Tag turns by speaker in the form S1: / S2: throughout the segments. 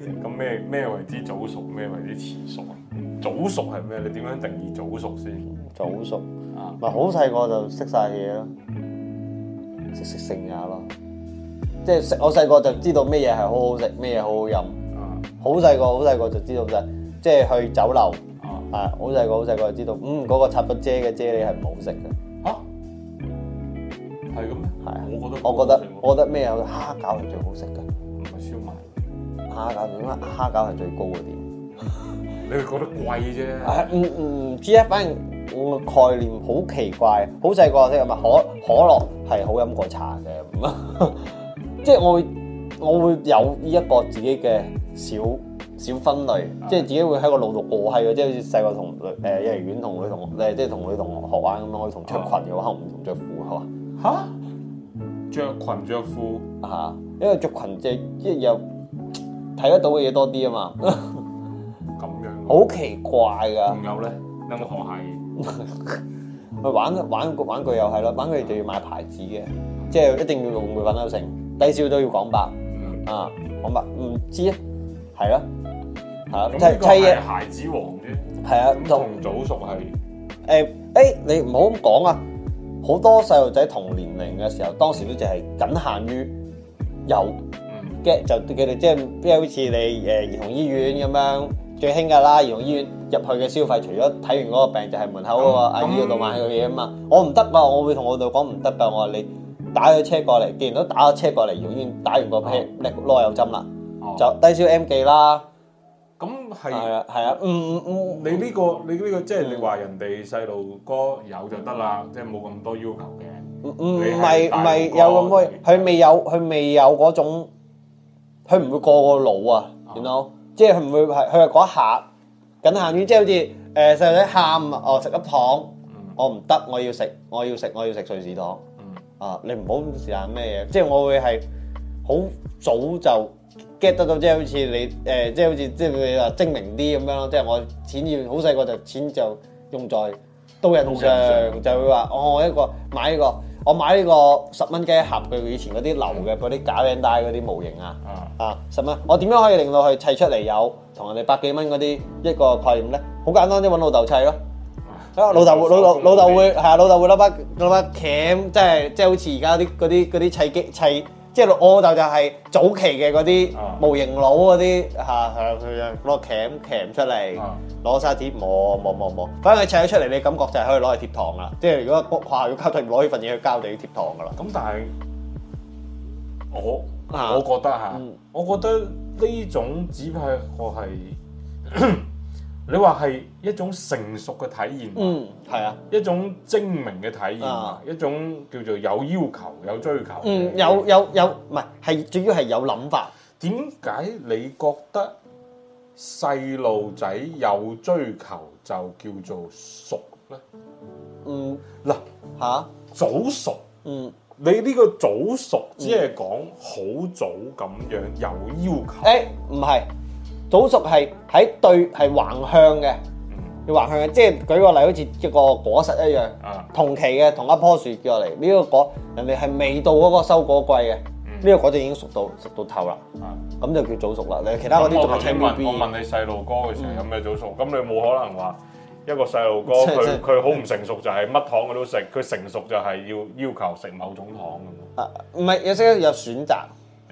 S1: 咁咩咩為之早熟，咩為之
S2: 遲熟？早熟係咩？你點樣定義早熟先？早熟啊，咪好細個就識晒嘢咯，識識性吓咯，即係食。就是、我細個就知道咩嘢係好好食，咩嘢好好飲。好細個好細個就知道就，即係去酒樓。啊、uh.，好細個好細個就知道，嗯，嗰、那個插骨姐嘅遮你係唔好食嘅。嚇、uh.？係咁咩？係啊，我覺得我覺得我覺得咩啊？蝦餃係最好食㗎。蝦餃點啊？蝦餃係最高嗰啲，你會
S1: 覺得貴啫？
S2: 唔唔知啊，反正我嘅概念好奇怪，好細個識咁啊。可可樂係好飲過茶嘅，嗯、 即係我會我會有依一個自己嘅小小分類，的即係自己會喺個腦度過閪嘅，即係好似細個同誒幼兒園同女同學，即係同女同學玩咁咯。可以著裙嘅話，可唔可以著褲啊？嚇！着裙着褲啊？嚇！因為着裙即係即係有。有有有睇得到嘅嘢多啲啊嘛，咁樣好 奇怪噶。仲有咧，有冇學嘢？咪玩玩玩具又係咯，玩具就要買牌子嘅，即係一定要用名牌都成，低少都要講白，啊、嗯，講白唔知啊，係咯、啊。咁呢個係孩子王啫。係啊，同早熟係。誒誒，你唔好咁講啊！好多細路仔同年齡嘅時候，當時都淨係僅限於有。就佢哋即係，比如好似你誒兒童醫院咁樣最興噶啦，兒童醫院入去嘅消費，除咗睇完嗰個病，就係門口個阿姨度買嘢啊嘛。我唔得噶，我會同我老豆講唔得噶。我話你打咗車過嚟，見到打咗車過嚟，醫院打完個啤搦囉油針啦，就低消 M 記啦。咁係係啊，嗯嗯，你呢個你呢個即係你話
S1: 人哋細路哥有就得啦，即係冇咁多要求嘅。唔唔係唔係有
S2: 咁多，佢未有佢未有嗰種。佢唔會過個腦啊，oh. you know？即係佢唔會係佢係嗰一下，僅限於即係好似誒細路仔喊哦食粒糖，我唔得，我要食，我要食，我要食瑞士糖。Mm. 啊，你唔好時間咩嘢？即係我會係好早就 get 得到，即係好似你誒，即係好似即係你話精明啲咁樣咯。即係我錢要好細個就錢就用在刀刃上，就會話哦我一個買一個。我買呢個十蚊雞一盒，佢以前嗰啲流嘅嗰啲假靚帶嗰啲模型、嗯、啊，啊十蚊，我點樣可以令到佢砌出嚟有同人哋百幾蚊嗰啲一個概念咧？好簡單啲揾老豆砌咯，
S3: 老豆老老老豆會
S2: 係老豆會攞把攞把鉗，即係即係好似而家啲嗰啲啲砌機砌。即係我老豆就係早期嘅嗰啲模型佬嗰啲嚇，佢啊攞鉗鉗出嚟，攞砂紙磨磨磨磨，反正佢砌咗出嚟，你感覺就係可以攞去貼堂啦。即係如果話要交託，攞呢份嘢去交，就要貼堂噶啦。咁、嗯、但係我我覺得
S1: 嚇，我覺得呢種只不過係。你話係一種成熟嘅體驗，嗯，係啊，一種精明嘅體驗，啊、一種叫做有要求、有追求，嗯，有有有，唔係，係主要係有諗法。點解你覺得細路仔有追求就叫做熟呢？嗯，嗱、啊，吓，早熟，嗯，你呢個
S2: 早熟只係講好早咁樣、嗯、有要求，誒、欸，唔係。早熟係喺對係橫向嘅，要橫向嘅，即係舉個例，好似一個果實一樣，同期嘅同一棵樹叫落嚟呢個果，人哋係未到嗰個收果季嘅，呢個果就已經熟到熟到透啦，咁就叫早熟啦。你其他嗰啲仲請問？我
S1: 問你細路哥嘅時候有咩早熟？咁你冇可能話一個細路哥佢佢好唔成熟就係乜糖佢都食，佢成熟就係要要求食某種糖
S2: 咁啊，唔係有識有選擇，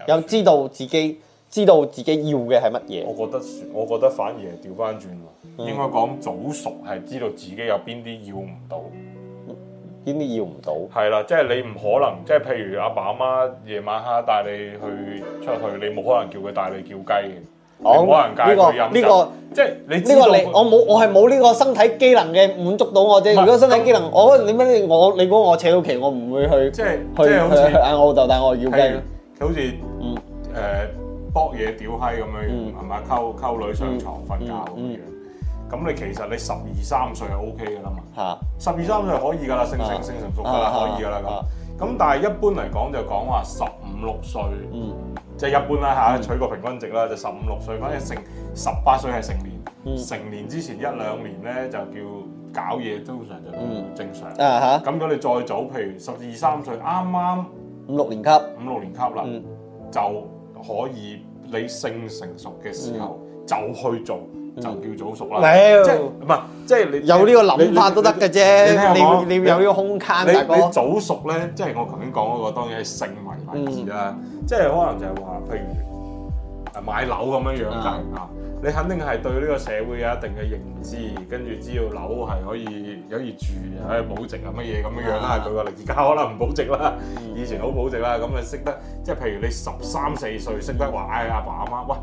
S2: 有知道自己。知道自己要嘅係乜嘢我覺得，我覺得反而係掉返轉咯。應該講早熟係知道自己
S1: 有邊啲要唔到，
S2: 邊啲要唔到。
S1: 係啦，即係你唔可能，即係譬如阿爸阿媽夜晚黑帶你去出去，你冇可能叫佢帶你叫雞嘅。冇可能介意
S2: 佢飲酒。呢個即係呢個你我冇我係冇呢個身體機能嘅滿足到我啫。如果身體機能，我你乜我？你估我扯到期，我唔會去，即係即係好似嗌我老豆帶我叫雞。佢好似嗯誒。扑嘢屌閪咁樣樣，
S1: 係咪啊？溝女上床瞓覺咁樣，咁你其實你十二三歲就 O K 嘅啦嘛。嚇，十二三歲可以噶啦，性成成成熟噶啦，可以噶啦咁。咁但係一般嚟講就講話十五六歲，即係一般啦嚇，取個平均值啦，就十五六歲。反正成十八歲係成年，成年之前一兩年咧就叫搞嘢，通常就正常。啊嚇，咁如果你再早，譬如十二三歲，啱啱五六年級，五六年級啦，就可以。你性成熟嘅時候就去做，就叫早熟啦。即係唔係？
S2: 即係你有呢個諗法都得嘅啫。你你有呢個空間。你你
S1: 早熟咧，即係我頭先講嗰個當然係性為例子啦。即係可能就係話，譬如買樓咁樣樣講啊。你肯定係對呢個社會有一定嘅認知，跟住知道樓係可以有而住，誒保值啊乜嘢咁樣樣啦。佢話：而家可能唔保值啦，以前好保值啦。咁你識得，即係譬如你十三四歲識得話，誒阿爸阿媽，喂，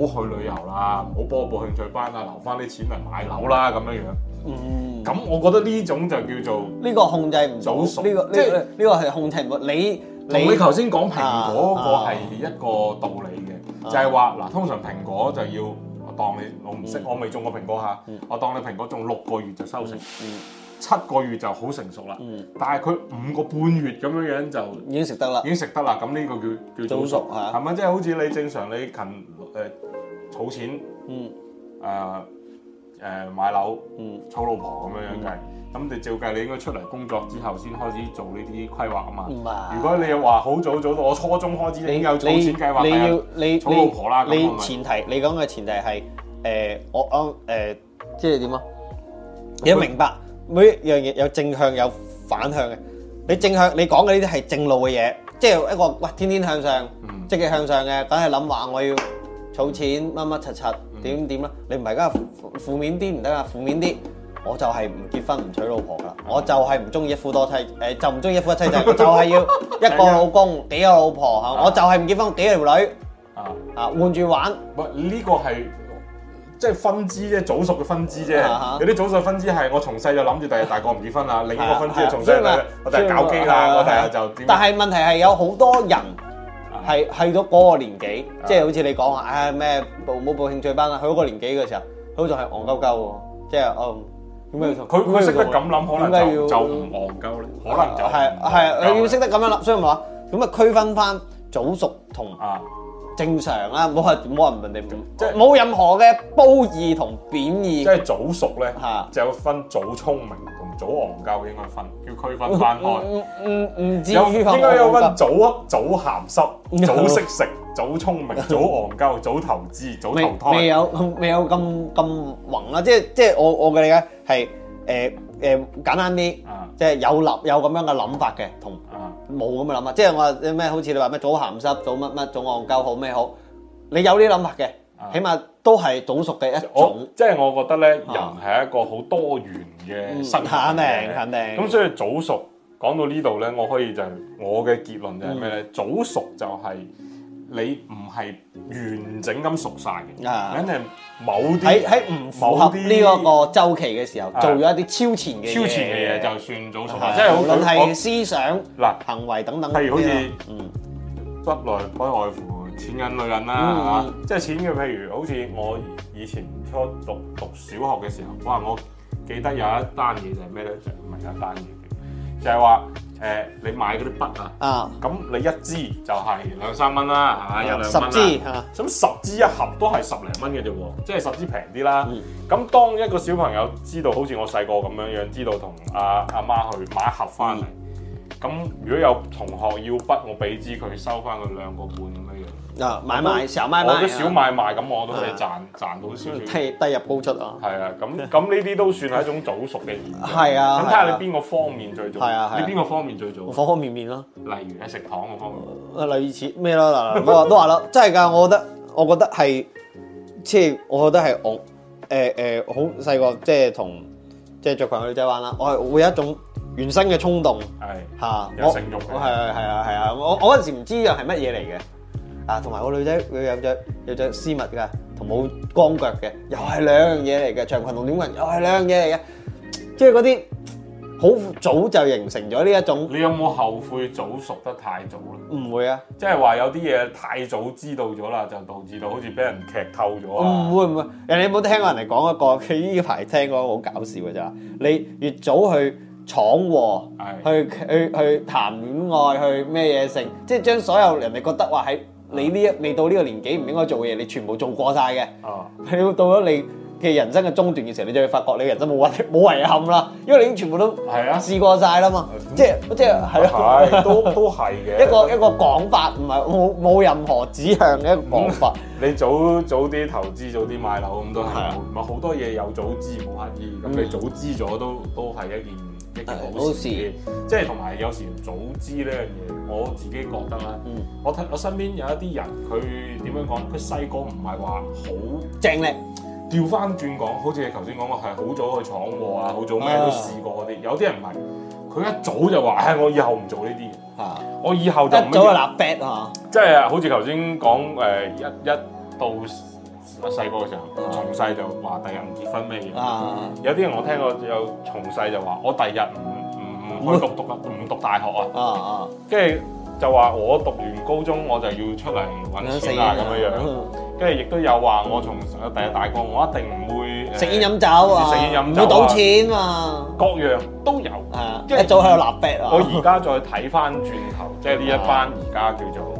S1: 唔好去旅遊啦，唔好報報興趣班啦，留返啲錢嚟買樓啦咁樣樣。嗯，咁我覺得呢種就叫做呢個控制唔到，呢個即係呢個係控制唔到。你你頭先講蘋果個係一個道理嘅，就係話嗱，通常蘋果就要。當你我唔識，我未、嗯、種過蘋果嚇，嗯、我當你蘋果種六個月就收成，七、嗯嗯、個月就好成熟啦。嗯、但係佢五個半月咁樣樣就已經食得啦，嗯、已經食得啦。咁呢、嗯、個叫叫早熟嚇，係咪即係好似你正常你近誒、呃、儲錢嗯啊？呃誒，買樓，儲老婆咁樣樣嘅，咁你照計，你應該出嚟工作之後先開始做呢啲規劃啊嘛。如果你又話好早早到我初中開始已經有儲錢計劃，你要你你儲老婆啦，你前
S2: 提，你講嘅前提係誒，我我誒，即係點啊？你都明白每樣嘢有正向有反向嘅。你正向你講嘅呢啲係正路嘅嘢，即係一個喂，天天向上，積極向上嘅，梗係諗話我要儲錢乜乜柒柒。點點啦，你唔係而家負面啲唔得啊，負面啲，我就係唔結婚唔娶老婆噶啦，是的 我就係唔中意一夫多妻，誒、呃、就唔中意一夫一妻就就是、係要一個老公，幾個老婆吓，啊、我就係唔結婚，幾個條女，啊啊換住玩，唔係
S1: 呢個係即係分支啫，早熟嘅分支啫，有啲早熟嘅分支係我從細就
S2: 諗住第日大個唔結婚啦，另一個分支從就從細我就搞基啦，我睇下就點，的但係問題係有好多人。係係咗嗰個年紀，即係好似你講話，唉、哎、咩報冇報興趣班啦？佢嗰個年紀嘅時候，佢仲係戇鳩鳩喎，即係嗯。點解佢佢識得咁諗，可能就就唔戇
S1: 鳩咧？可能就係係要識
S2: 得咁樣諗，的所以話咁啊，區分翻早熟同正常啦，冇人冇人問你，即係是冇任何嘅褒義同貶義。即係早熟咧，就分早聰
S1: 明。早戇鳩應該分，要區分翻
S4: 開。唔唔唔，只、嗯、有、嗯嗯嗯嗯、應該有分
S1: 早啊，inverse. 早鹹濕，早識食，早聰明，嗯、早戇鳩，早投資，早投胎。未有
S2: 未有咁咁宏啦，即係即係我我嘅理解係誒誒簡單啲，即係有立有咁樣嘅諗法嘅，同冇咁嘅諗法。嗯、即係我話咩？好似你話咩？早鹹濕，早乜乜，早戇鳩好咩好？你有呢諗法嘅。起碼都係早熟嘅一種，即係我覺得咧，人係一個好多元嘅
S1: 生命。肯定肯定。咁所以早熟講到呢度咧，我可以就係我嘅結論就係咩咧？早熟就係你唔係完整咁熟晒嘅，肯
S2: 定係某啲喺喺唔符合呢一個周期嘅時候做咗一啲超
S1: 前嘅超前嘅嘢，就算早熟，即係無論係
S2: 思想、嗱行為等等。譬如好似
S1: 嗯，執內開外乎。錢銀女人啦，嚇、嗯！即
S2: 係、啊就是、錢嘅，譬如
S1: 好似我以前初讀讀小學嘅時候，哇！我記得有一單嘢就係咩咧？就係有一單嘢，就係話誒，你買嗰啲筆啊，咁你一支就係兩三蚊啦，嚇、啊，一、啊、兩十支，嚇、啊，咁十支一盒都係十零蚊嘅啫喎，即係十支平啲啦。咁、嗯、當一個小朋友知道，好似我細個咁樣樣，知道同阿阿媽去買一盒翻嚟，咁、嗯、如果有同學要筆，我俾支佢，收翻佢兩個半。啊！買賣小買賣，小買賣咁，我都可以賺賺到少少，低入高出啊！係啊，咁咁呢啲都算係一種早熟嘅。
S2: 係啊，咁睇下你邊
S1: 個方面最早？係啊，係你邊個方面最早？方方面面咯，例如喺食堂
S2: 方面，類似咩啦嗱，都話都話啦，真係噶！我覺得，我覺得係，即係我覺得係我，誒誒，好細個，即係同即係着裙嘅女仔玩啦，我係會有一種原生嘅衝動，係吓，有性慾，係係啊係啊，我我嗰時唔知樣係乜嘢嚟嘅。啊，同埋個女仔佢有着有着絲襪㗎，同冇光腳嘅，又係兩樣嘢嚟嘅，長裙同短裙又係兩樣嘢嚟嘅，即係嗰啲好早就形成咗呢一種。你有冇後悔早熟得太早啦？唔會啊，
S1: 即係話有啲嘢太早知道咗啦，就導致到好似俾人劇透
S2: 咗啊？啊，唔會唔會，人哋有冇聽過人哋講一個？佢呢排聽過好搞笑嘅咋，你越早去闖禍，係嘅去去去，去談戀愛，去咩嘢性，即係將所有人哋覺得話喺。你呢一，未到呢個年紀唔應該做嘅嘢，你全部做過晒嘅。哦，你到咗你嘅人生嘅中段嘅時候，你就會發覺你人生冇遺冇遺憾啦，因為你已經全部都係啊試過晒啦嘛。即即係咯，係都都係嘅。一個一個講法唔係冇冇任何指向嘅一個講法。
S1: 你早早啲投資，早啲買樓咁都係啊，唔係好多嘢有早知冇乞兒。咁你早知咗都都係一件。即係同埋有時早知呢樣嘢，我自己覺得咧。我睇、嗯、我身邊有一啲人，佢點樣講？佢細個唔係話好正力呢，調翻轉講，好似你頭先講過係好早去闖禍啊，好早咩都試過嗰啲。有啲人唔係，佢一早就話：唉、哎，我以後唔做呢啲嘅。啊、我以後就唔早就立 flag 嚇。即係、就是、好似頭先講誒，一一到。細個嘅時候，從細就話第日唔結婚咩嘢？有啲人我聽過，有從細就話我第日唔唔唔去讀讀啦，唔讀大學啊。啊啊！跟住就話我讀完高中我就要出嚟搵食啊，咁樣樣。跟住亦都有話我從誒第日大個，我一定唔會食煙飲酒啊，食煙飲，唔會賭錢
S2: 啊，
S1: 各樣都有。係，即係早喺度立 flag 啊。我而家再睇翻轉頭，即係呢一班而家叫做。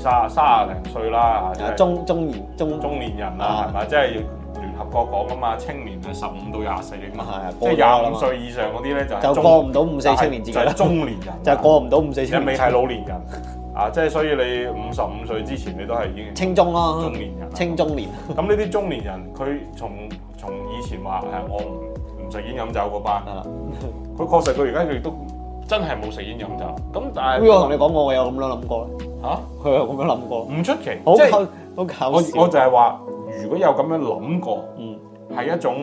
S1: 卅卅零歲啦，中
S2: 中年中中年
S1: 人啦，係嘛？吧即係聯合國講啊嘛，青年係十五到廿四啊嘛，24, 的即係廿五歲以上嗰啲咧就過唔到五四青年節啦，中年人，就
S2: 過唔到五四，而家未係老年
S1: 人啊！即係所以你五十五歲之前，你都係已經
S2: 青中咯，中年人，
S1: 青中年。咁呢啲中年人，佢從從以前話係我唔唔食煙飲酒嗰
S2: 班，佢的 確實佢而家佢亦都。
S1: 真係冇食煙飲
S2: 酒，咁但係，不如我同你講，我有咁樣諗過咧。嚇，佢有咁樣諗過，唔出奇。即係都考，我我就係話，
S1: 如果有咁樣諗過，嗯，係一種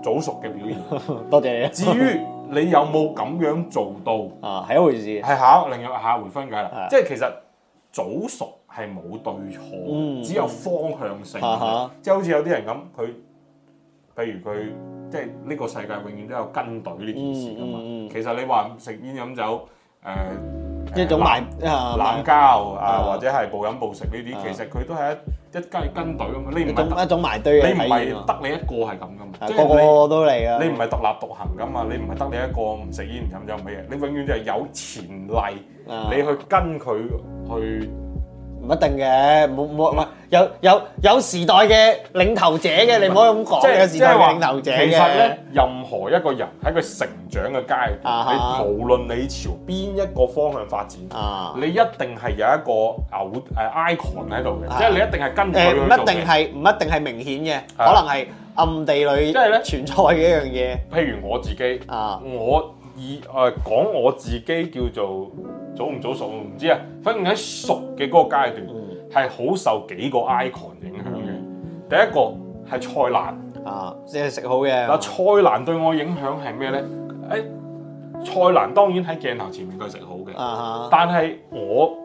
S1: 早熟嘅表現。多謝你。至於你有冇咁樣做到，啊，係一回事。係下另一下回分解啦。即係其實早熟係冇對錯，只有方向性。即係好似有啲人咁佢。譬如佢即係呢個世界永遠都有跟隊呢件事㗎嘛，其實你話食煙飲酒誒一種埋，啊濫交啊或者係暴飲暴食呢啲，其實佢都係一一家跟隊咁嘛。你唔得，
S2: 一種埋堆，你唔係得
S1: 你一個係咁噶嘛，即個個都嚟啊，你唔係獨立獨行噶嘛，你唔係得你一個唔食煙唔飲酒咩嘢，你永遠就係有潛力你去跟
S2: 佢去。唔一定嘅，冇冇唔係有有有時代嘅領頭者嘅，你唔可以咁講。即係話有時代嘅領頭者，其實咧，
S1: 任何一個人喺佢成長嘅階段，你無論你朝邊一個方向發展，你
S2: 一定係有一個偶像，誒 icon 喺度。即係你一定係跟佢去做嘅。誒唔一定係唔一定係明顯嘅，可能係暗地裏即係咧存在嘅一樣嘢。譬如我自己啊，我以誒講我自己叫做。早唔早熟我唔
S1: 知啊，反正喺熟嘅嗰個階段係好、嗯、受幾個 icon 影響嘅。嗯、第一個，係蔡瀾，
S2: 你
S1: 係食好嘅。嗱，蔡瀾對我影響係咩咧？誒、哎，蔡瀾當然喺鏡頭前面佢食好嘅，啊、哈但係我。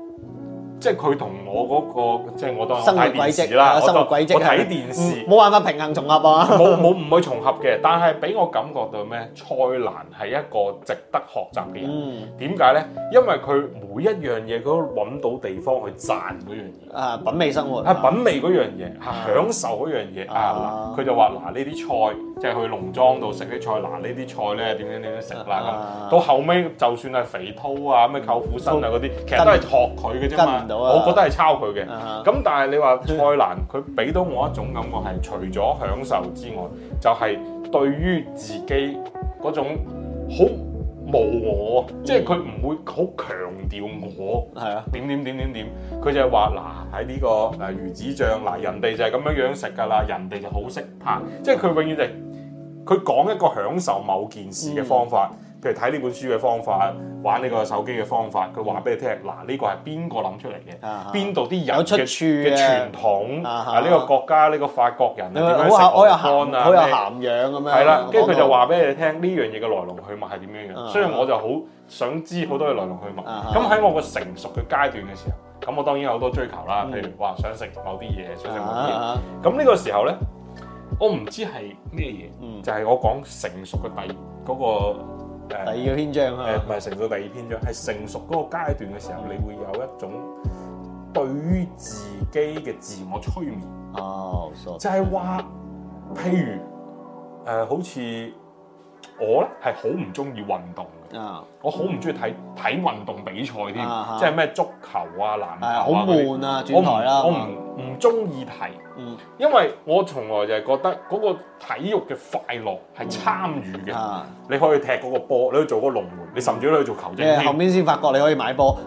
S1: 即係佢同我嗰個，即係我都睇電視啦，我都我睇電視，
S2: 冇辦法平衡重合啊。
S1: 冇冇唔會重合嘅，但係俾我感覺到咩？蔡瀾係一個值得學習嘅人。點解咧？因為佢每一樣嘢，佢都揾到地方去賺嗰樣嘢啊，品味生活係品味嗰樣嘢，係享受嗰樣嘢啊。嗱，佢就話：嗱，呢啲菜即係去農莊度食啲菜，嗱呢啲菜咧點樣點樣點樣食啦咁。到後尾，就算係肥饕啊，咩舅父生啊嗰啲，其實都係學佢嘅啫嘛。我覺得係抄佢嘅，咁、uh huh. 但係你話蔡瀾佢俾到我一種感覺係除咗享受之外，就係、是、對於自己嗰種好無我，mm. 即係佢唔會好強調我，係、mm. 啊點點點點點，佢就係話嗱喺呢個誒、啊、魚子醬嗱人哋就係咁樣樣食㗎啦，人哋就，就好識拍、啊，即係佢永遠係佢講一個享受某件事嘅方法。Mm. 譬如睇呢本書嘅方法，玩呢個手機嘅方法，佢話俾你聽。嗱，呢個係邊個諗出嚟嘅？邊度啲人
S2: 嘅傳
S1: 統啊？呢個國家呢個法國人點樣食？我有漢，我有涵養咁樣。係啦，跟住佢就話俾你聽呢樣嘢嘅來龍去脈係點樣嘅。所以我就好想知好多嘅來龍去脈。咁喺我個成熟嘅階段嘅時候，咁我當然有好多追求啦。譬如話想食某啲嘢，想食某啲嘢。咁呢個時候咧，我唔知係咩嘢，就係我講成熟嘅第嗰個。誒，第二個篇章啊，唔係成個第二篇章，係成熟個階段嘅時候，你會有一種對於自己嘅自我催眠。哦、oh, okay，就係話譬如誒、呃、好似我咧，係好唔中意運動。啊！我好唔中意睇睇運動比賽添，即係咩足球啊、籃球啊，好悶啊，轉台啦，我唔唔中意睇，因為我從來就係覺得嗰個體育嘅快樂係參與嘅，嗯啊、你可以踢嗰個波，你可以做嗰個龍門，你甚至都可以做球證。你後面
S2: 先發覺你可以買波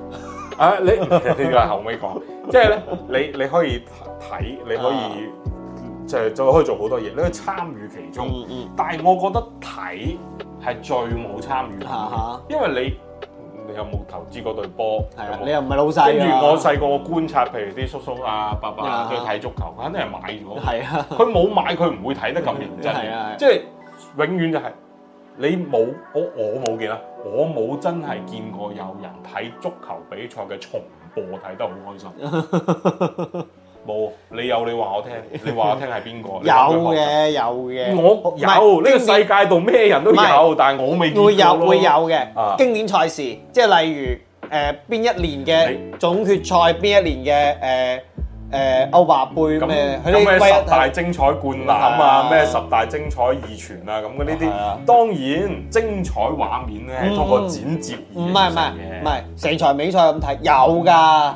S1: 啊！ 你呢個後尾講，即係咧，你你可以睇，你可以。啊就就可以做好多嘢，你可以參與其中，嗯嗯、但係我覺得睇係最冇參與，嗯嗯、因為你你有冇投資嗰對波？係啊，有冇你又唔係老細。跟住我細個觀察，譬如啲叔叔啊、爸爸啊去睇足球，嗯、肯定係買咗。係啊，佢冇買，佢唔會睇得咁認真。係啊，即係、啊、永遠就係、係、你冇我我冇見啦，我冇真係見過有人睇足球比賽嘅重播睇得好開心。 冇，你有你話我聽，你話我
S2: 聽係邊個？有嘅，有嘅。我有，呢個世界度咩
S1: 人都有，但係我未見過。會有會有嘅，經
S2: 典賽事，即係例如誒邊一年嘅總決賽，邊一年嘅誒誒歐華杯咁嘅。咁咩十大
S1: 精彩灌籃啊？咩十大精彩二傳啊？咁嘅呢啲，當然
S2: 精彩畫面咧，通過剪接。唔係唔係唔係，成場比賽咁睇有㗎。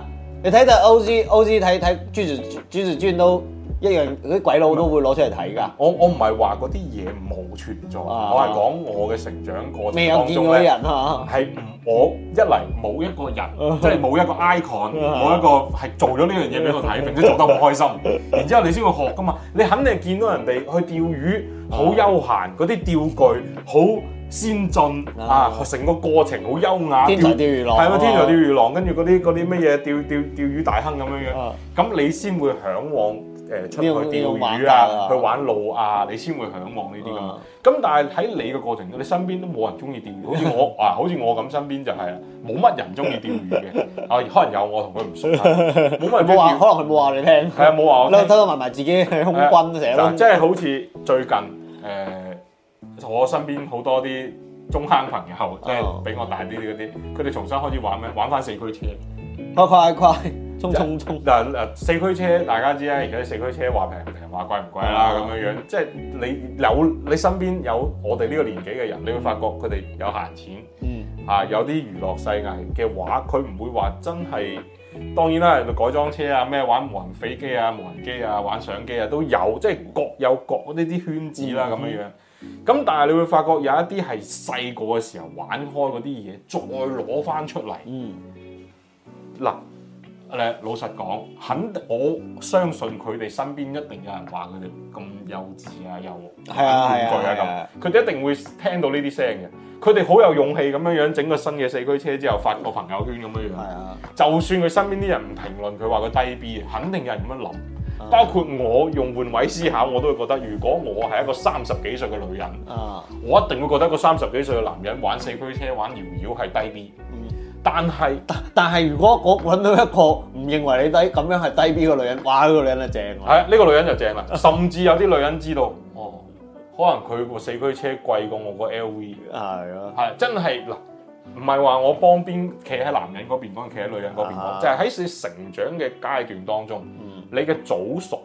S2: 你睇就 OG OG 睇睇，轉住轉住轉都一樣，嗰啲鬼佬都會攞出嚟睇噶。我我唔係話嗰啲嘢冇存在，我係講我嘅成
S1: 長過程有當中咧，係我一嚟冇一個人，即係冇一個 icon，冇一個係做咗呢樣嘢俾我睇，並且做得好開心，然之後你先會學噶嘛。你肯定見到人哋去釣魚好休閒，嗰啲釣具好。先進啊，成個過程好優雅，天才釣魚郎，係啊，天才釣魚郎，跟住嗰啲嗰啲乜嘢釣釣釣魚大亨咁樣樣。咁你先會嚮往誒出去釣魚啊，去玩路啊，你先會嚮往呢啲咁。咁但係喺你嘅過程，你身邊都冇人中意釣魚，好似我啊，好似我咁身邊就係啦，冇乜人中意釣魚嘅。啊，可能有我同佢唔熟，
S2: 冇乜冇話，可能佢冇話你聽。係啊，冇話我偷偷埋埋自己係空軍，成日都即
S1: 係好似最近誒。我身邊好多啲中坑朋友，即係比我大啲啲嗰啲，佢哋重新開始玩咩？玩翻四驅車，快快快，衝衝衝！嗱嗱，乖乖乖乖，四驅車大家知啦，而家四驅車話平唔平，話貴唔貴啦，咁樣樣。即係你有你身邊有我哋呢個年紀嘅人，嗯、你會發覺佢哋有閒錢。嗯，啊，有啲娛樂世界嘅話，佢唔會話真係。嗯、當然啦，改裝車啊，咩玩無人飛機啊、無人機啊、玩相機啊都有，即係各有各呢啲圈子啦，咁樣樣。嗯。咁但係你會發覺有一啲係細個嘅時候玩開嗰啲嘢，再攞翻出嚟。嗯，嗱，咧老實講，肯我相信佢哋身邊一定有人話佢哋咁幼稚啊，又抗拒啊咁，佢哋、啊啊啊、一定會聽到呢啲聲嘅。佢哋好有勇氣咁樣樣整個新嘅四驅車之後發個朋友圈咁樣樣。係啊，就算佢身邊啲人唔評論，佢話佢低 B，肯定有人咁樣諗。包括我用換位思考，我都會覺得，如果我係一個三十幾歲嘅女人，啊，我一定會覺得個三十幾歲嘅男人玩四驅車、玩搖搖係低 B 但但。但係但係，如果我
S2: 揾到一個唔認為你低咁樣係低 B 嘅女人，哇！呢個女人就正喎。
S1: 係啊，呢個女人就正啦。甚
S2: 至有啲女人知道，
S1: 哦，可能佢個四驅車貴過我個 L V。係啊，係真係嗱，唔係話我幫邊企喺男人嗰邊幫企喺女人嗰邊幫，啊、就係喺成長嘅階段當中。嗯你嘅早熟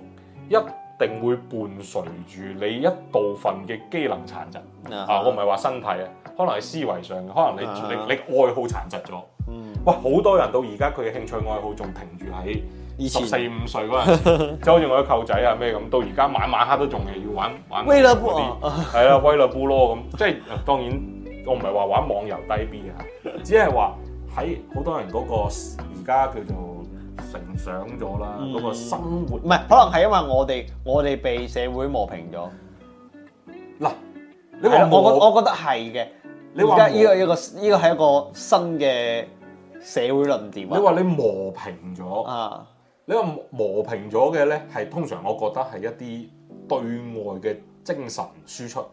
S1: 一定會伴隨住你一部分嘅機能殘疾、uh huh. 啊！我唔係話身體啊，可能係思維上嘅，可能你、uh huh. 你你愛好殘疾咗。嗯，um. 哇！好多人到而家佢嘅興趣愛好仲停住喺二十四五歲嗰陣時，即係好似我嘅舅仔啊咩咁，到而家晚晚黑都仲係要玩玩嗰啲 係啦，威勒布咯咁。即係當然，我唔係話玩網遊低 B 嘅，只係話喺好多人嗰個而家
S2: 叫做。成想咗啦，嗰個、嗯、生活唔係，可能係因為我哋我哋被社會磨平咗。嗱，你我我我覺得係嘅。依家依個依、依個依、依個係一個新嘅社會論點。你話你磨平咗啊？你話磨平咗嘅咧，係通常我覺得係一啲
S1: 對外嘅精神輸出，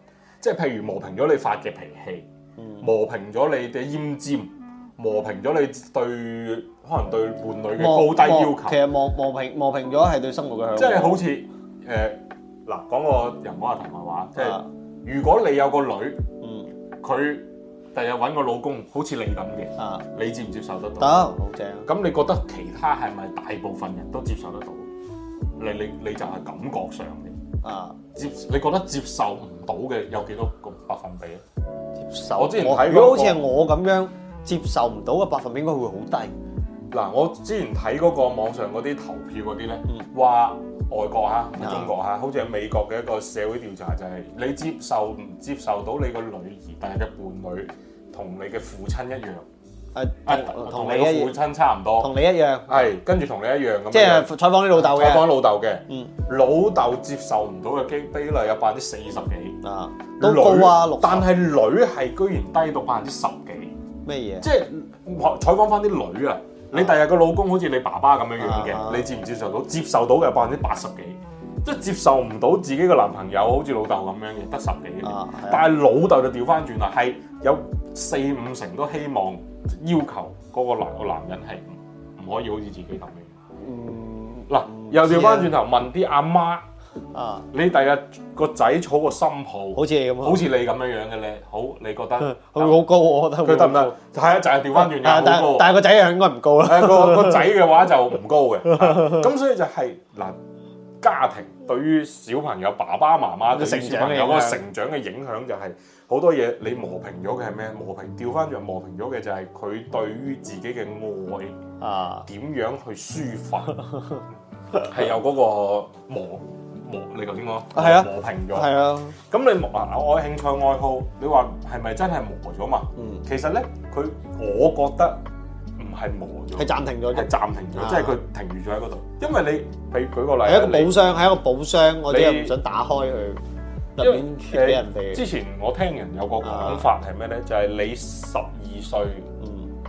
S1: 即係譬如磨平咗你發嘅脾氣，嗯、磨平咗你嘅奄尖。磨平咗你對可能對伴侶嘅高低要求，其實磨磨平磨平咗係對生活嘅向往。即係好似誒嗱，講、呃、個人唔好話大話話，即係如果你有個女，嗯，佢第日搵個老公好似你咁嘅，啊，你接唔接受得到？
S2: 得行，好正。
S1: 咁你覺得其他係咪大部分人都接受得到？你你你就係感覺上嘅，啊，接你覺得接受唔到嘅有幾多個百分比咧？接受。我之前睇如果好似係我
S2: 咁樣。接受唔到嘅百分比應該會好低。嗱、啊，
S1: 我之前睇嗰個網上嗰啲投票嗰啲咧，話、嗯、外國嚇，中國嚇，嗯、好似係美國嘅一個社會調查，就係、是、你接受唔接受到你個女兒，但係嘅伴侶同你嘅父親一樣，係同、呃、你嘅父親差唔多，同、呃、你一樣，係跟住同你一樣咁樣，即係採訪啲老豆嘅。採訪老豆嘅，嗯，老豆接受唔到嘅機比例有百分之四十幾啊，都高啊，六、嗯，但係女係居然低到百分之十。嗯嗯。咩嘢？即係採訪翻啲女啊！你第日個老公好似你爸爸咁樣樣嘅，啊、你接唔接受到？接受到嘅有百分之八十幾，即係接受唔到自己個男朋友好似老豆咁樣嘅，得十幾年。啊啊、但係老豆就調翻轉頭，係有四五成都希望要求嗰個男個男人係唔可以好似自己咁樣。嗯，嗱，又調翻轉頭問啲阿媽，媽。啊你！你第日個仔好個心抱，好似你咁，好似你咁樣樣嘅咧。好，你覺得
S2: 佢會好高？我覺得佢得唔得？
S1: 係啊，就係調翻轉但係
S2: 個仔啊，應該唔高啦、啊。 個個仔嘅話就唔高嘅。咁
S1: 所以就係、是、嗱，家庭對於小朋友爸爸媽媽嘅成長有個成長嘅影響、就是，就係好多嘢你磨平咗嘅係咩？磨平調翻轉磨平咗嘅就係佢對於自己嘅愛啊，點樣去抒發，係有嗰個磨。磨你頭先講，磨平咗。係啊。咁你磨啊，我興趣愛好，你話係咪真係磨咗嘛？嗯。其實咧，佢我覺得唔係磨咗。係暫停咗。係暫停咗，即係佢停住咗喺嗰度。因為你俾舉個例。係一個寶箱，係一
S2: 個寶箱，我哋又唔想打開佢。入邊俾人哋。之前
S1: 我聽人有個講法係咩咧？就係你十二歲。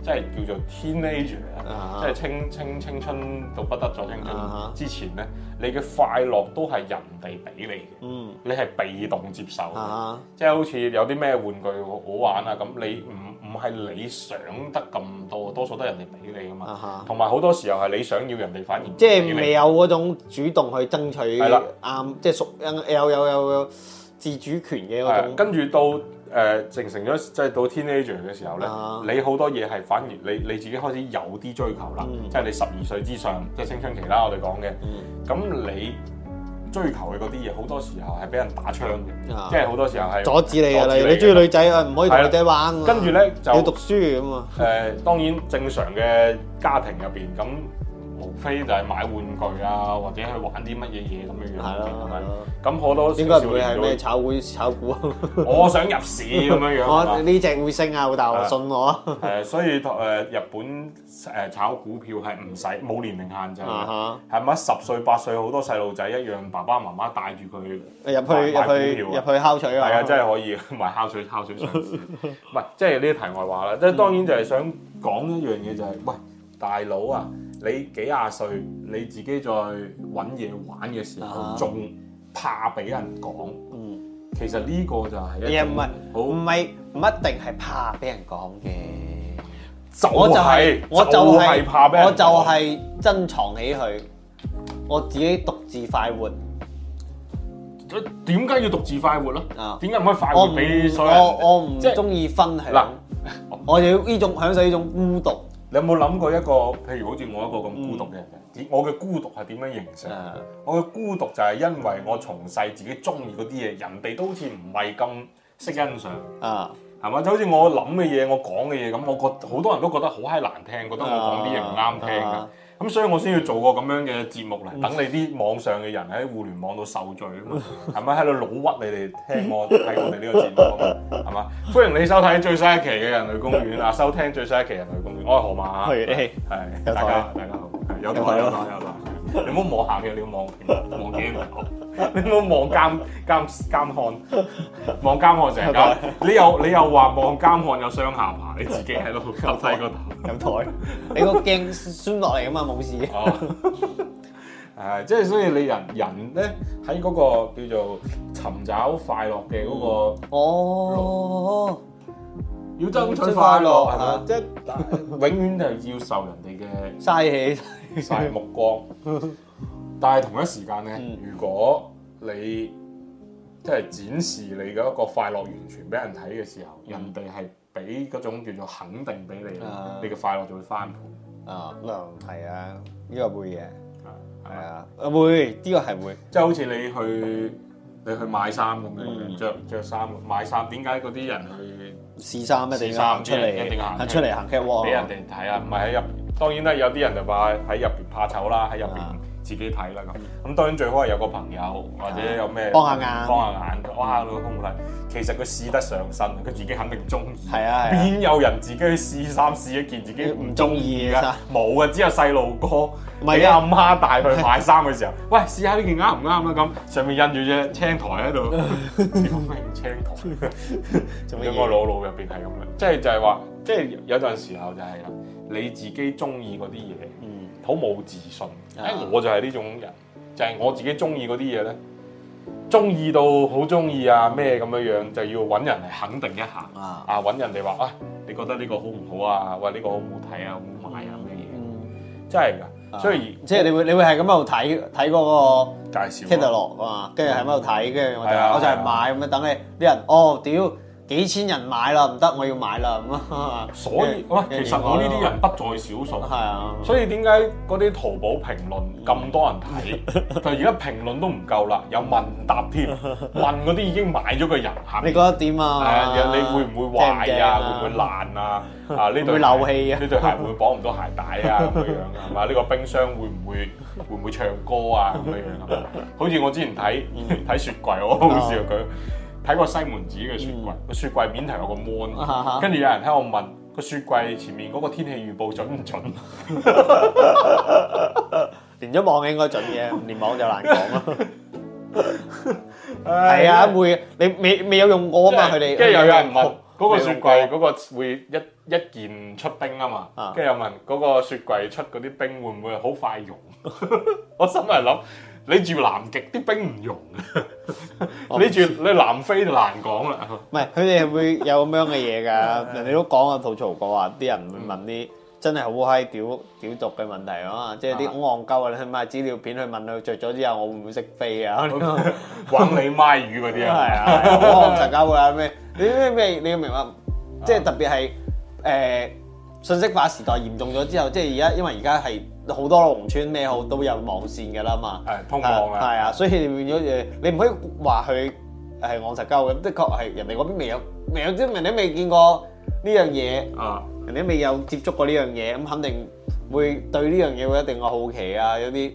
S1: 即係叫做 teenager 啊！即係青青青春到不得再青春之前咧，你嘅快樂都係人哋俾你
S4: 嘅，
S1: 嗯、你係被動接受 即係好似有啲咩玩具好玩啊！咁你唔唔係你想得咁多，多數都係人哋俾你噶嘛。同埋好多時候係你想要人哋，反而即係未
S2: 有嗰種主動去爭取係啦
S1: 啱，即係屬有，有有有自主權嘅嗰種、嗯、跟住到。誒形、呃、成咗，即係到 teenager 嘅時候咧，uh huh. 你好多嘢係反而你你自己開始有啲追求啦，uh huh. 即係你十二歲之上，即係青春期啦，我哋講嘅。咁、uh huh. 你追求嘅嗰啲嘢，好多時候係俾人打槍嘅，即係好多時候係阻止你，例如你中意女仔啊，唔、嗯、可以同女仔玩。了跟住咧就你讀書咁啊。誒、呃，當然正常嘅家庭入邊咁。非就係買玩具啊，或者去玩啲乜嘢嘢咁樣樣。係咯，係
S2: 咯。咁好多應該唔會係咩炒匯、炒股。啊？我想
S1: 入市咁樣樣。我呢
S2: 隻會升啊，老豆，信
S1: 我。誒，所以誒日本誒炒股票係唔使冇年齡限制嘅，係咪十歲八歲好多細路仔一樣，爸爸媽媽帶住佢入去入去入去敲取啊！係啊，真係可以買敲取、敲取上市。唔係，即係呢啲題外話啦。即係當然就係想講一樣嘢，就係喂，大佬啊！你幾廿歲，你自己在揾嘢玩嘅時候，仲、
S2: 啊、怕俾人講。嗯，其實呢個就係、一樣，唔係唔係唔一定係怕俾人講嘅，我就係、係就係、我就係怕咩？我就係珍藏起佢，我自己獨自快活。點解、啊、要獨自快活咯？啊，點解唔可以快活我？我以我我唔中意
S1: 分享，我就要呢種享受呢種孤獨。你有冇諗過一個，譬如好似我一個咁孤獨嘅人嘅、嗯欸，我嘅孤獨係點樣形成？嗯、我嘅孤獨就係因為我從細自己中意嗰啲嘢，人哋都好似唔係咁識欣賞啊，係嘛、嗯？就好似我諗嘅嘢，我講嘅嘢咁，我覺好多人都覺得好閪難聽，覺得我講啲嘢唔啱聽嘅。嗯嗯嗯。咁所以我先要做個咁樣嘅節目嚟，等你啲網上嘅人喺互聯網度受罪啊嘛，係咪喺度老屈你哋聽我睇我哋呢個節目啊？係嘛？歡迎你收睇最新一期嘅《人類公園》，啊，收聽最新一期《人類公園》，我係河馬嚇，係，大家大家好，有得睇咯，有得你唔好望下嘅，你要望望鏡，你唔好望監監監看，望監看成日監，監。你又你又話望監看有雙下巴，你自己喺度有睇個台。有台， 你個鏡酸落嚟啊嘛，冇事。係，即係所以你人人咧喺嗰個叫做尋找快樂嘅嗰、那個、嗯、哦，要爭取快樂係嘛？啊、嗎即係是永遠就係要受人哋嘅嘥氣。晒目光，但係同一時間咧，如果你即係展示你嘅一個快樂，完全俾人睇嘅時候，人哋係俾嗰種叫做肯定俾你，你嘅快樂就會翻倍啊。可能，係啊，呢個會嘅，係啊，阿會，呢個係會，即係好似你去你去買衫咁樣，着着衫，買衫，點解嗰啲人去試衫嘅地方出嚟，一定行出嚟行街喎，俾人哋睇啊，唔係喺入。當然啦，有啲人就話喺入邊怕醜啦，喺入邊自己睇啦咁。咁、啊、當然最好係有個朋友或者有咩幫下眼、啊，幫下眼、啊，挖下個胸嚟。其實佢試得上身，佢自己肯定中意。係啊，邊、啊、有人自己去試衫試一件自己唔中意嘅？冇啊麼，只有細路哥俾阿、啊、媽，媽帶佢買衫嘅時候，啊、喂，試下呢件啱唔啱啊？咁。上面印住隻青苔喺度，點解要青苔？喺我腦腦入邊係咁嘅，即係就係、是、話，即、就、係、是、有陣時候就係、是、啦。你自己中意嗰啲嘢，嗯，好冇自信。誒，我就係呢種人，就係我自己中意嗰啲嘢咧，中意到好中意啊咩咁樣樣，就要揾人嚟肯定一下。啊，啊揾
S2: 人哋話啊，你覺得呢個好唔好啊？喂，呢個好唔好睇啊？好唔好買啊？咩嘢？真係㗎。所以即係你會你會係咁喺度睇睇嗰個介紹，聽得落㗎嘛。跟住喺度睇，跟住我就我就係買咁樣等你啲人。哦，屌！幾千人買啦，唔得，我要買啦。咁所以喂，其實我呢啲人
S1: 不在少數，係啊。所以點解嗰啲淘寶評論咁多人睇？就而家評論都唔夠啦，有問答添。問嗰啲已經買咗嘅人，你覺得點啊？誒，你會唔會壞啊？會唔會爛啊？啊，呢對會漏氣啊？呢對鞋會唔會綁唔到鞋帶啊？咁樣係嘛？呢個冰箱會唔會會唔會唱歌啊？咁樣，好似我之前睇睇雪櫃，我好笑佢。睇過西門子嘅雪櫃，個雪櫃面頭有個 mon，跟住有人喺我問個雪櫃前面嗰個天氣預報準唔準？
S2: 連咗網應該準嘅，唔連網就難講啦。係啊，會，你未未有用過啊嘛佢哋，跟住又有人問嗰個雪櫃
S1: 嗰個會一一件出冰啊嘛，跟住又問嗰個雪櫃出嗰啲冰會唔會好快溶？我心係諗。你住南極啲冰唔融啊？你住你南非就難講
S2: 啦。唔係佢哋會有咁樣嘅嘢㗎，人哋都講啊，吐槽過話啲人會問啲真係好閪屌屌毒嘅問題啊嘛，即係啲好戇鳩啊，你去買紙尿片去問佢著咗之後，我會唔會識飛啊？揾你媽魚嗰啲啊，戇鳩啊咩？你咩咩你要明白，即係特別係誒。信息化時代嚴重咗之後，即係而家，因為而家係好多農村咩好都有網線嘅啦嘛，係通網係啊，啊，所以變咗誒，你唔可以話佢係戇石鳩嘅，的確係人哋嗰邊未有，未有即係人哋未見過呢樣嘢，啊、嗯，人哋未有接觸過呢樣嘢，咁、嗯嗯、肯定會對呢樣嘢有一定嘅好奇啊，有啲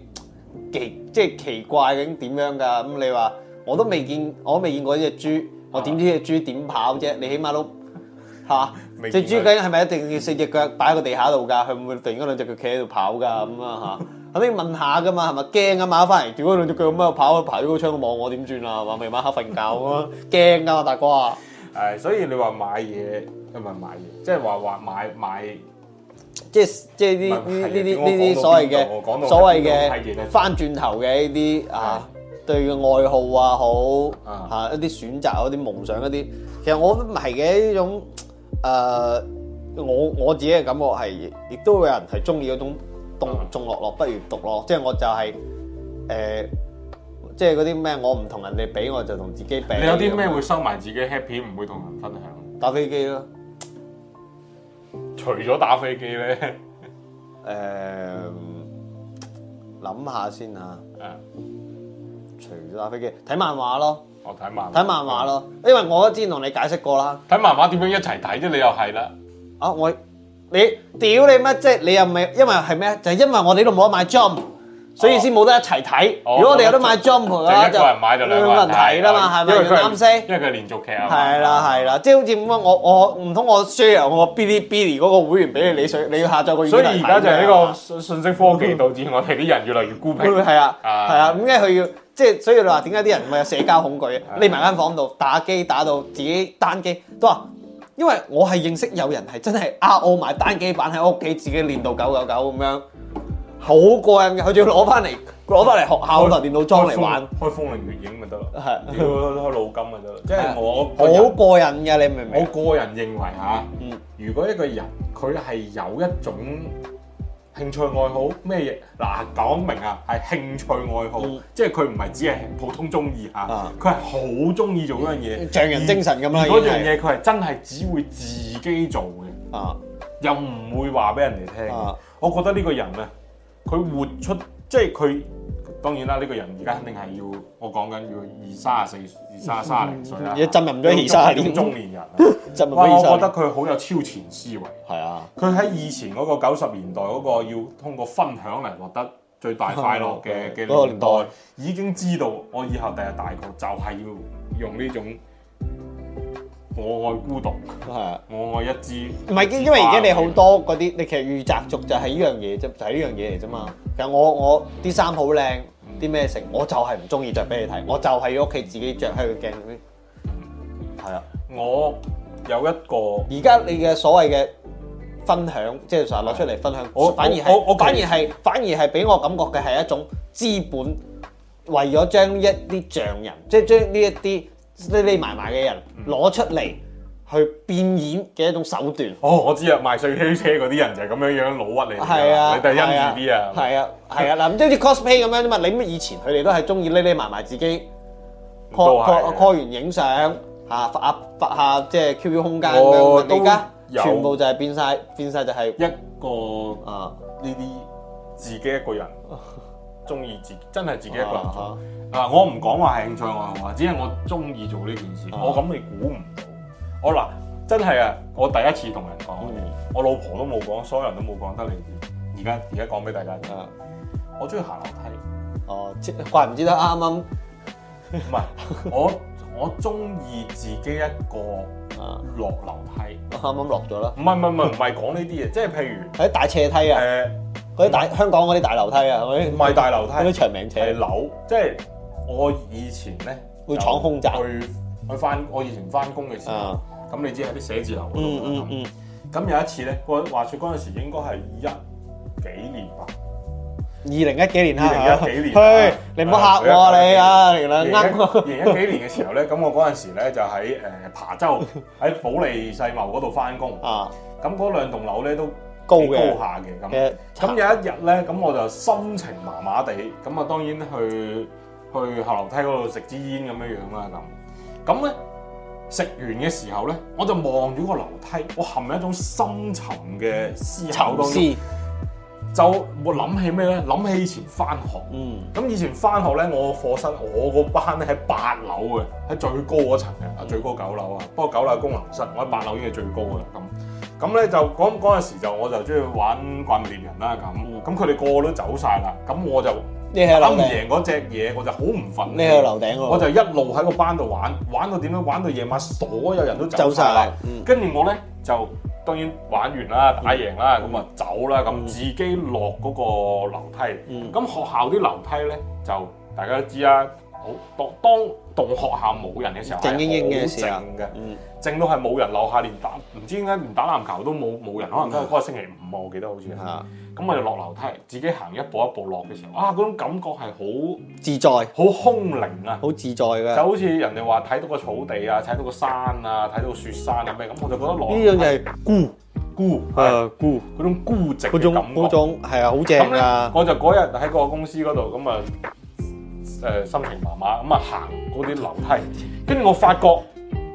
S2: 奇即係奇怪究竟點樣噶？咁、嗯、你話我都未見，我都未見過呢隻豬，嗯、我點知隻豬點跑啫？你起碼都係、啊啊隻豬頸係咪一定要四隻腳擺喺個地下度噶？佢唔會突然間兩隻腳企喺度跑噶咁啊吓？肯定問下噶嘛，係咪驚啊嘛？翻嚟如果兩隻腳咁樣，跑去爬咗個窗望我點算啊？話未晚黑瞓覺啊，驚噶嘛大哥啊！係、呃，所以你話買嘢
S1: 唔係買嘢、就是，即係話買買，即係即係呢呢啲呢啲所謂嘅所謂嘅
S2: 翻轉頭嘅呢啲啊，的對嘅愛好，好啊好啊一啲選擇，一啲夢想，一啲，其實我都唔係嘅呢種。誒，uh, 我我自己嘅感覺係，亦都有人係中意嗰種，讀眾樂樂不如獨樂，即係我就係、是，誒、呃，即係嗰啲咩，我唔同人哋比，我就同自己比。你有啲咩會
S1: 收埋自己 happy，唔會同人分享？
S2: 打飛機咯，除咗打飛機咧，誒，諗下先吓。Uh. 除咗打飛機，睇漫畫咯。
S1: 我睇漫，睇漫畫
S2: 咯。因為我之前同你解釋過啦。睇漫畫點樣一齊睇啫？你又係啦。啊，我你屌你乜啫？你又未？因為係咩？就因為我哋呢度冇得買 jump，所以先冇得一齊睇。如果我哋有得買 jump 嘅話，就一個人買就兩個人睇啦嘛。係咪？佢啱先，
S1: 因為佢連續劇啊。係啦
S2: 係啦，即係好似咁啊！我我唔通我 share 我 bilibili 嗰個會員俾你，你想你要下載個軟件睇嘛？所以而家就係呢
S1: 個信息科技導致我哋啲人越嚟越孤僻。係啊係啊，咁
S2: 因為佢要。即係所以你話點解啲人唔係有社交恐懼啊？匿埋間房度打機打到自己單機都話，因為我係認識有人係真係啊，我買單機版喺屋企自己練到九九九咁樣，好過癮嘅。佢仲要攞翻嚟，攞翻嚟學校嗰度電腦裝嚟玩，
S1: 開風鈴月影咪得咯，開開老金咪得咯。即係我好
S2: 過癮嘅，你明唔明？我個人
S1: 認為嚇，如果一個人佢係有一種。興趣愛好咩嘢？嗱，講明啊，係興趣愛好，愛好，嗯、即係佢唔係只係普通中意啊，佢係好中意做嗰樣嘢，匠、呃、人精神咁樣。嗰樣嘢佢係真係只會自己做嘅，啊、又唔會話俾人哋聽。啊、我覺得呢個人咧，佢活出即係佢。當然啦，呢、這個人而家肯定係要我講緊要二三四、二三廿三零歲啦。而家浸入咗二三廿中年人。 人哎、我覺得佢好有超前思維。係啊，佢喺以前嗰個九十年代嗰個要通過分享嚟獲得最大快樂嘅嘅年代，啊那個、年代已經知道我以後第日大個就係要用呢種我愛孤獨。係啊，我愛一支。唔係，因為而家你好
S2: 多嗰啲，你其實《御宅族》就就係呢樣嘢啫，就係呢樣嘢嚟啫嘛。其實我我啲衫好靚，啲咩成，我就係唔中意着俾你睇，嗯、我就係要屋企自己着。喺個鏡度邊。係啊，我有一個。而家你嘅所謂嘅分享，即係成日攞出嚟分享，我、嗯、反而我我反而係反而係俾我，我，我，我感覺嘅係一種資本，為咗將一啲匠人，即、就、係、是、將呢一啲匿匿埋埋嘅人攞出嚟。嗯嗯去變演嘅一種手段。哦，我知啊，賣碎車嗰啲人就係咁樣樣老屈你㗎。係啊，你都係陰處啲啊。係啊，係啊，嗱，咁好似 cosplay 咁樣啫嘛。你乜以前佢哋都係中意匿匿埋埋自己，擴擴擴完影相嚇發下發下，即係 QQ 空間咁樣。而家全部就係變晒。變晒就係一個啊，呢啲
S1: 自己一個人中意自，真係自己一個人做。嗱，我唔講話係興趣愛好，只係我中意做呢件事。我咁你估唔到。我嗱，真係啊！我第一次同人講，我老婆都冇講，所有人都冇講，得你而家而家，講俾大家聽。我中意行樓梯哦，怪唔知得啱啱，唔係我，我中意自己一個落樓梯，
S2: 啱啱落咗啦。唔係唔唔唔係講呢啲嘢，即係譬如喺大斜梯啊，誒嗰啲大香港嗰啲大樓梯啊，係 咪？唔係大樓梯，嗰啲長命斜樓。
S1: 即係我以前咧會闖空宅，去去翻，我以前翻工嘅時候。咁你知喺啲寫字樓嗰度，嗯嗯，咁 有一次咧，我話説嗰陣時應該係一幾年吧。
S2: 二零一幾年啦。二零一幾年。你唔好嚇我你啊！二零一幾年嘅時候咧，
S1: 咁 我嗰陣時咧就喺誒琶洲喺保利世貿嗰度翻工。啊。咁嗰兩棟樓咧都高高下嘅咁。咁有一日咧，咁我就心情麻麻地，咁啊當然去去後樓梯嗰度食支煙咁樣樣啦，咁，咁咧。食完嘅時候咧，我就望住個樓梯，我陷入一種深沉嘅思考當中，思就諗起咩咧？諗起以前返學，嗯，咁以前返學咧，我課室我個班咧喺八樓嘅，喺最高嗰層嘅，啊、嗯、最高九樓啊，不過九樓係功能室，我喺八樓已經係最高嘅啦。咁咁咧就嗰嗰陣時就我就中意玩怪獵人啦，咁咁佢哋個個都走晒啦，咁我就。諗唔贏嗰隻嘢，我就好唔忿氣。喺樓頂。我就一路喺個班度玩，玩到點樣？玩到夜晚，所有人都走晒啦。跟住我咧就當然玩完啦，打贏啦，咁啊走啦，咁自己落嗰個樓梯。咁學校啲樓梯咧就大家都知啦。好當當棟學校冇人嘅時候，靜英英嘅時候，靜嘅，靜到係冇人。樓下連打唔知點解唔打籃球都冇冇人。可能嗰個星期五，我記得好似係。咁我哋落樓梯，自己行一步一步落嘅時候，啊，嗰種感覺係好
S2: 自在、好空靈啊，好自在嘅，就
S1: 好似人哋話睇到個草地啊，睇到個山啊，睇到雪山啊咩咁，我就覺得落。呢樣
S2: 就係孤孤，誒孤嗰、啊、孤種孤寂嗰種嗰種係啊，好正、啊。啊，
S1: 我就嗰日喺個公司嗰度咁啊，誒、呃、心情麻麻咁啊，行嗰啲樓梯，跟住我發覺。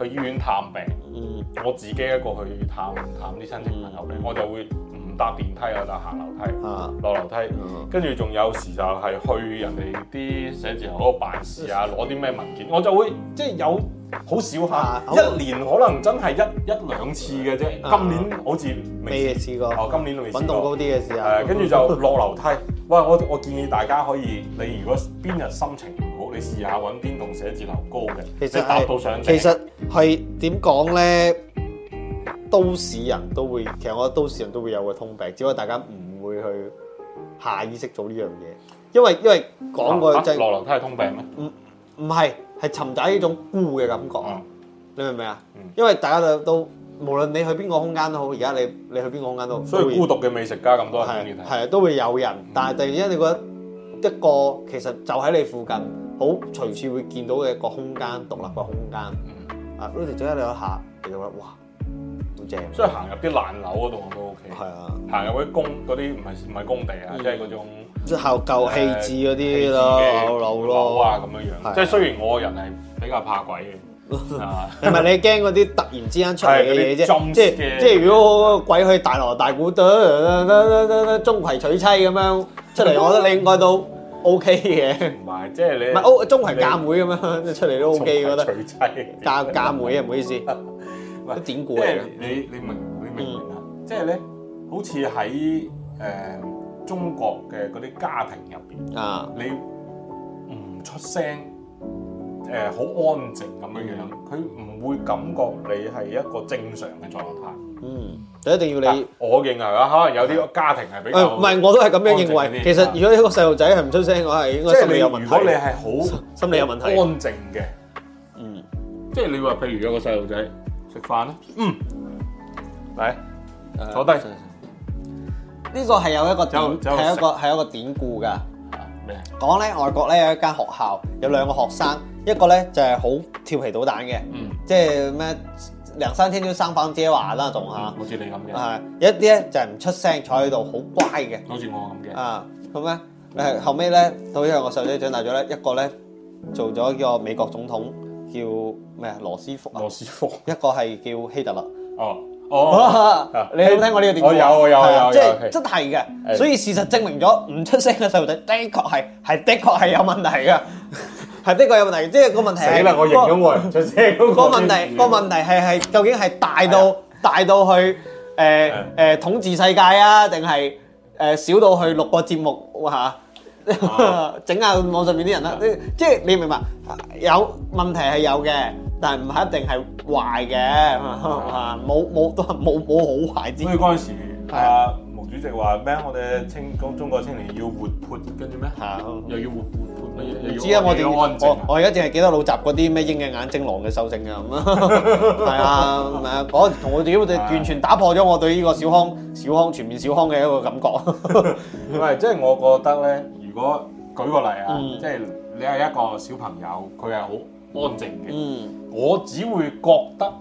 S1: 去醫院探病，我自己一個去探探啲親戚朋友咧，我就會唔搭電梯，我就行樓梯、落樓梯，跟住仲有時就係去人哋啲寫字樓嗰度辦事啊，攞啲咩文件，我就會即係有好少下，一年可能真係一一兩次嘅啫。今年好似未試過，今年都未揾到高
S2: 啲嘅時候。跟住就落樓
S1: 梯。喂，我我建議大家可以，你如果邊日心情唔好，你試下揾邊棟寫字樓高
S2: 嘅，你搭到上嘅。其實係點講咧？都市人都會，其實我覺得都市人都會有個通病，只不過大家唔會去下意識做呢樣嘢，因為因為講過即係落樓梯係通病咩？唔唔係，係尋找呢種孤嘅感覺。嗯、你明唔明啊？嗯、因為大家就都無論你去邊個空間都好，而家你你去邊個空間都好，所以都孤獨嘅美食家咁多人係啊，都會有人，但係突然之間你覺得一個其實就喺你附近，好隨處會見到嘅一個獨立嘅一個獨立嘅空間，獨立嘅空間。啊！Lucy，咗一兩下，你就覺得哇，好正。所以行入
S1: 啲爛樓嗰度我都 OK。係啊，行入啲工嗰啲唔係唔係工地啊，即係嗰
S2: 種後舊氣質嗰啲咯，舊樓咯啊咁樣樣。即係
S1: 雖然我個人係比較怕鬼嘅，
S2: 唔係你驚嗰啲突然之間出嚟嘅嘢啫。即係即係如果鬼去大鑼大鼓隊，鍾馗娶妻咁樣出嚟，我覺得你應該到。O K 嘅，唔係
S1: 即係你唔係 O 中係嫁
S2: 妹咁樣，即係你 出嚟都 O K 嘅，覺得娶妻嫁嫁妹啊，唔好意思，啲典
S1: 故你你明你明唔明、嗯呃、啊？即係咧，好似喺誒中國嘅嗰啲家庭入邊啊，你唔出聲，誒好安靜咁樣樣，佢唔、嗯、會感覺你係一個正常嘅狀態。嗯，就一定要你。啊、我認為啊，可能有啲家庭係比較唔係、嗯，我都係咁樣認為。其實
S2: 如果一個細路仔係唔出聲嘅話，我應該心理有問題，即係如果你係好
S1: 心理有問題，安靜嘅，嗯，即係你話，譬如有個細路仔食飯咧，嗯，
S2: 嚟坐低。呢、嗯、下個係有一個典，係一個係一個典故噶。咩麼？講咧，外國咧有一間學校，有兩個學生，嗯、一個咧就係好調皮搗蛋嘅，嗯、即係咩？兩三天都生翻姐話啦，仲吓？好似你咁樣，係一啲咧就唔出聲坐喺度，好乖嘅。好似我咁嘅。啊，咁咧，誒，後尾咧，到因為我細路仔長大咗咧，一個咧做咗個美國總統叫咩啊？羅斯福啊。羅斯福。一個係叫希特勒。哦哦。你有冇聽過我呢個電話？我有，有，有，即係真係嘅。所以事實證明咗，唔出聲嘅細路仔的確係係的確係有問題㗎。係呢個有問題，即係個問題。我認咗，個問題個問題係係究竟係大到大到去誒，誒統治世界啊，定係誒，小到去錄個節目嚇，整下網上面啲人啦。即係你明白有問題係有嘅，但係唔係一定係壞嘅，冇冇都係冇冇好壞之。所以嗰陣
S1: 時係啊，毛主席話咩？我哋青講中國青年要活
S2: 潑，跟住咩？又要活
S1: 潑。你知啊！我哋我
S2: 我而家淨係記得老雜啲咩鷹嘅眼睛，狼嘅獸性嘅咁咯，係啊，嗰同我哋完全打破咗我對呢個小康、小康全面小康嘅一個感覺。
S1: 唔係，即係我覺得咧，如果舉個例啊，即係你係一個小朋友，佢係好安靜嘅，我只會覺得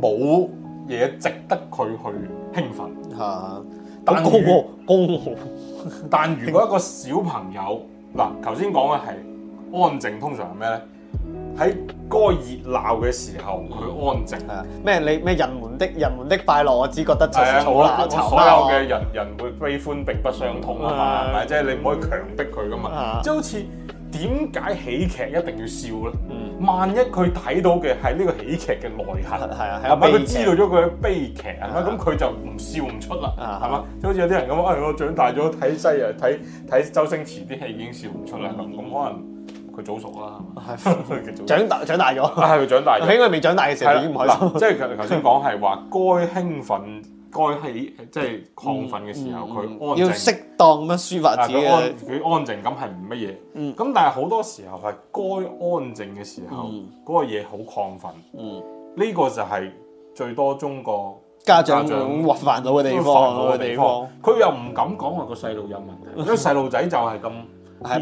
S1: 冇嘢值得佢去興奮。吓，但公公，但如果一個小朋友，嗱，頭先講嘅係安靜，通常係咩咧？喺嗰個熱鬧嘅時候，佢安靜。啊，
S2: 咩你咩人
S1: 們的，人們的
S2: 快樂，我只覺得就是草泥我所有嘅人
S1: 了人嘅悲歡並不相同。啊嘛，即係你唔可以強迫佢噶嘛，即係的好似。點解喜劇一定要笑咧？萬一佢睇到嘅係呢個喜劇嘅內核，係啊，係啊，唔係佢知道咗佢嘅悲劇啊嘛，咁佢就唔笑唔出啦，係嘛？即好似有啲人咁啊，我長大咗睇西啊，睇睇周星馳啲戲已經笑唔出啦，咁可能佢早熟啦，長大長大咗，係佢長大，佢應該
S2: 未長大嘅時候已經唔開心，即係頭頭先講係話
S1: 該興奮。該係即係亢奮嘅時候，佢要適
S2: 當咁樣抒發自己嘅，
S1: 佢安靜感係唔乜嘢。咁但係好多時候係該安靜嘅時候，嗰個嘢好亢奮。呢個就係最多中國
S2: 家長屈煩到嘅地方。
S1: 佢又唔敢講話個細路有問題，因為細路仔就係咁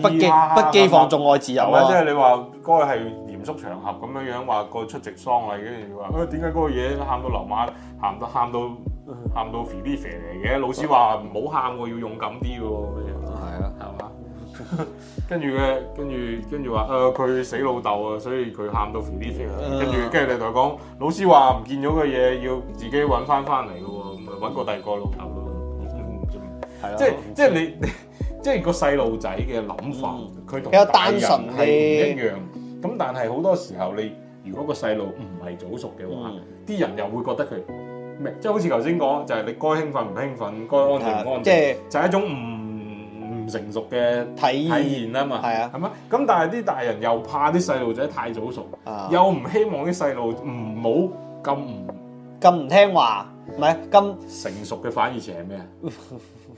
S1: 不羈，不羈放縱愛自由。即係你話該係。嚴肅場合咁樣樣話個出席喪禮，跟住話，誒點解嗰個嘢喊到流馬，喊到喊到喊到肥啲肥嚟嘅？老師話唔好喊喎，要勇敢啲嘅喎，咩嘢？係啊，係嘛？跟住嘅，跟住跟住話，誒，佢死老豆啊，所以佢喊到肥啲肥。」跟住跟住你同佢講，老師話唔見咗嘅嘢要自己揾翻翻嚟嘅喎，咁咪揾個第二個老豆咯。係啊，即係即係你即係個細路仔嘅諗法，佢比較單純係一樣。咁但係好多時候你如果個細路唔係早熟嘅話，啲、嗯、人又會覺得佢咩、就是啊，即係好似頭先講就係你該興奮唔興奮，該安靜唔安靜，即係就係一種唔唔成熟嘅體現啦嘛。係體啊，係咩？咁但係啲大人又怕啲細路仔太早熟，啊、又唔希望啲細路唔好咁咁唔聽話，唔係咁成熟嘅反義詞係咩啊？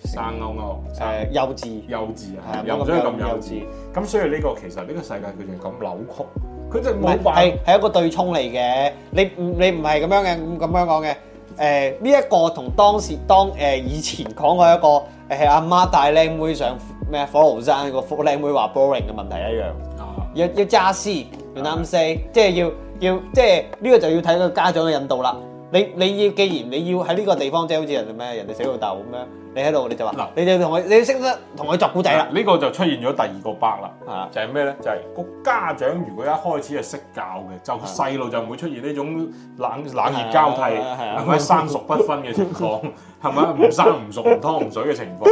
S1: 生勾勾，誒、呃、幼稚，
S2: 幼稚啊，又唔想咁幼稚。咁所以呢個其實呢個世界佢就係咁扭曲，佢就冇怪係一個對沖嚟嘅。你你唔係咁樣嘅咁樣講嘅。誒、呃、呢、這個、一個同當時當誒以前講過一個誒阿媽帶靚妹上咩火爐山個靚妹話 boring 嘅問題一樣。啊、要要揸絲，要啱 say，即係要要即係呢個就要睇個家長嘅引導啦。你你要既然你要喺呢個地方，即係好似人哋咩人哋死老豆咁樣，你喺度你就話，嗱，你就同佢，你識得同佢作古仔啦。呢個就出現咗第二個班啦，就係咩咧？就係、是、個家長如果一開始
S1: 係識教嘅，就細路就唔會出現呢種冷冷熱交替，係咪生熟不分嘅情況？係咪唔生唔熟唔湯唔水嘅情況？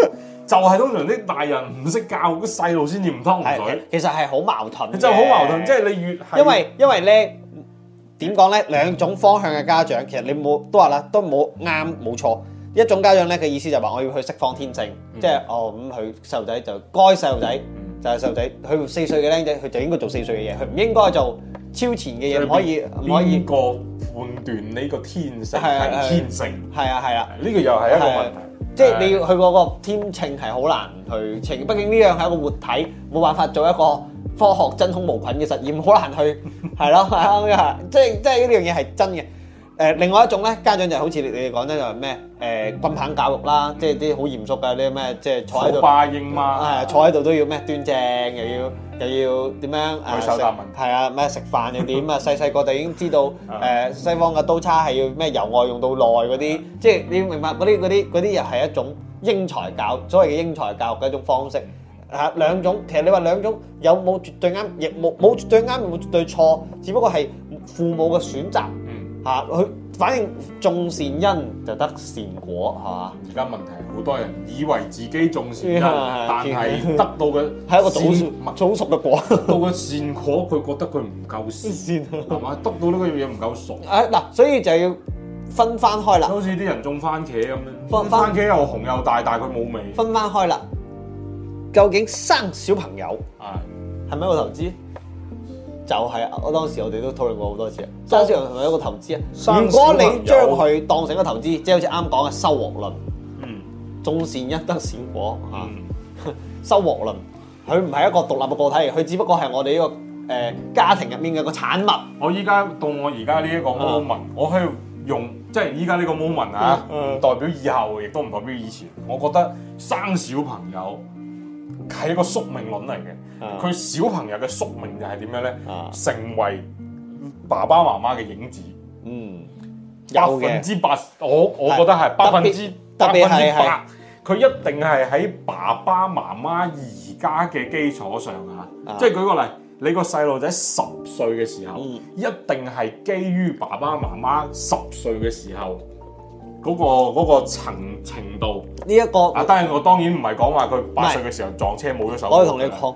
S1: 就係、是、通常啲大人唔識教，個細路先至唔湯唔水。其實係好矛、矛盾，就好矛盾，即係
S2: 你越因為因為咧。點講咧？兩種方向嘅家長，其實你冇都話啦，都冇啱冇錯。一種家長咧嘅意思就係話，我要去釋放天性，即係哦咁，佢細路仔就該細路仔就係細路仔，佢四歲嘅僆仔，佢就應該做四歲嘅嘢，佢唔應該做超前嘅嘢。唔可以唔可以
S1: 過判斷呢個天性係天性。
S2: 係啊係啊，呢個又係一個問題。即係你要去嗰個天秤係好難去清。畢竟呢樣係一個活體，冇辦法做一個。科學真空無菌嘅實驗好難去，係咯係咯，即係即係呢樣嘢係真嘅。誒，另外一種咧，家長就好似你哋講咧就係咩誒棍棒教育啦，即係啲好嚴肅嘅啲咩，即係坐喺度，好霸應嘛、啊、坐喺度都要咩端正，又要又要點樣？舉手發問，係啊，咩食飯又點啊？ 細細個就已經知道誒西方嘅刀叉係要咩由外用到內嗰啲，即係、嗯、你明白啲啲嗰啲又係一種英才教育，所謂嘅英才教育嘅一種方式。啊，兩種，其實你話兩種有冇絕對啱，亦冇冇絕對啱，冇絕對錯，只不過係父母嘅選擇。嗯、啊，嚇佢反正種善因就得善果，係、啊、嘛？而家問題好多人以為自己種善因，但係得
S1: 到嘅係一個早熟、早熟嘅果，得到嘅善果，佢覺得佢唔夠善，係嘛、啊？得到呢個嘢唔夠熟。誒嗱喇，不所以就要分翻開啦。好似啲人種番茄咁樣，番茄又紅又大，但係佢冇味。味 分翻開啦。
S2: 究竟生小朋友係咪一個投資？就係、是、我當時我哋都討論過好多次。生小朋友係咪一個投資啊？如果你將佢當成一個投資，即係好似啱講嘅收穫論，嗯，種善因得善果吓、嗯，收穫論，佢唔係一個獨立嘅個體，佢只不過係我哋呢、這個誒、呃、家庭入面嘅個產物。我依家到我而家呢一個 moment，、嗯、我去用，即係依家呢個 moment 吓，
S1: 嗯嗯、唔代表以後，亦都唔代表以前。我覺得生小朋友。係一個宿命論嚟嘅，佢、嗯、小朋友嘅宿命就係點樣咧？嗯、成為爸爸媽媽嘅影子，嗯，百分之百，我是我覺得係別百分之百分之百，佢一定係喺爸爸媽媽而家嘅基礎上啊，嗯、即係舉個例，你個細路仔十歲嘅時候，嗯、一定係基於爸爸媽媽十歲嘅時候。嗰、那個嗰層、那個、程度，呢一、這個，但係我當然唔係講話佢八歲嘅時候
S2: 撞車冇咗手是。手我可以同你講，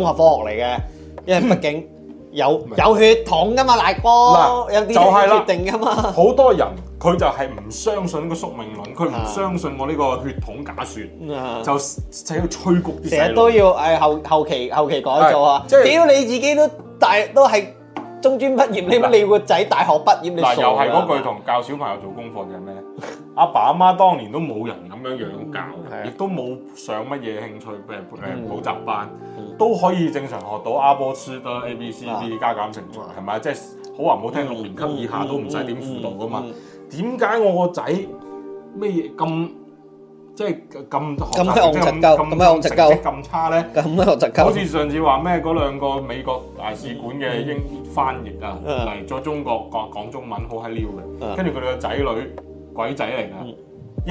S2: 綜合科學嚟嘅，因為畢竟有 是有血統噶嘛，大哥。嗱 了，有啲就係決定噶嘛。好多人佢就係
S1: 唔相信個宿命論，佢唔相信我呢個血統假説， 就就要
S2: 吹谷啲。成日都要誒、呃、後後期後期改做啊！屌、就是、你自己都大都係。中專畢業你乜？你個仔大學畢業你傻嘅？又係嗰句同教小朋友做功課
S1: 嘅咩？阿爸阿媽當年都冇人咁樣樣教，亦都冇上乜嘢興趣誒誒補習班，都可以正常學到阿波斯得 A B C D 加減乘除，係咪？即係好話唔好聽，六年級以下都唔使點輔導㗎嘛。點解我個仔咩咁？即係咁咁咩學習夠？咁咩學習夠？咁差咧？咁咩學習夠？好似上次話咩嗰兩個美國大使館嘅英翻譯啊，嚟咗中國講講中文好閪溜嘅，跟住佢哋個仔女
S2: 鬼仔嚟㗎，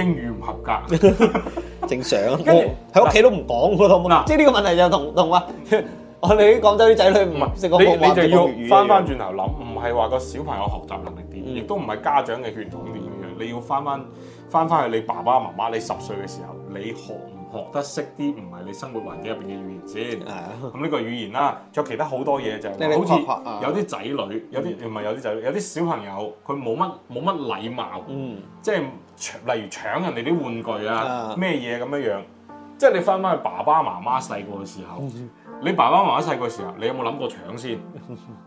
S2: 英語唔合格，正常。跟住喺屋企都唔講嘅，好唔好？即係呢個問題就同同話我哋啲廣州啲仔女唔係。你你就要翻翻
S1: 轉頭諗，唔係話個小朋友學習能力點，亦都唔係家長嘅血統點樣，你要翻翻。翻翻去你爸爸媽媽，你十歲嘅時候，你學唔學得識啲唔係你生活環境入邊嘅語言先？咁呢、啊、個語言啦、啊，仲有其他多、就係嗯、好多嘢就係好似有啲仔女，有啲唔係有啲仔女，有啲小朋友佢冇乜冇乜禮貌，嗯、即係例如搶人哋啲玩具啊咩嘢咁樣樣，即係你翻翻去爸爸媽媽細個嘅時候。嗯嗯嗯嗯你爸爸媽媽細個時候，你有冇諗過搶先？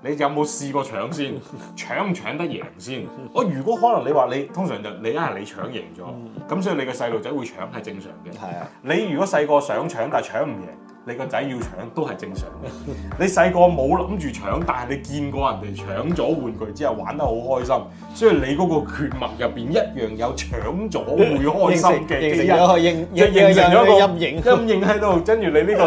S1: 你有冇試過搶先？搶唔搶得贏先？我如果可能，你話你通常就你一啊，你搶贏咗，咁所以你個細路仔會搶係正常嘅。係啊，你如果細個想搶但係搶唔贏。你個仔要搶都係正常嘅。你細個冇諗住搶，但係你見過人哋搶咗玩具之後玩得好開心，所以你嗰個血脈入邊一樣有搶咗會開心嘅，去形成咗陰影陰影喺度，跟住你呢、呢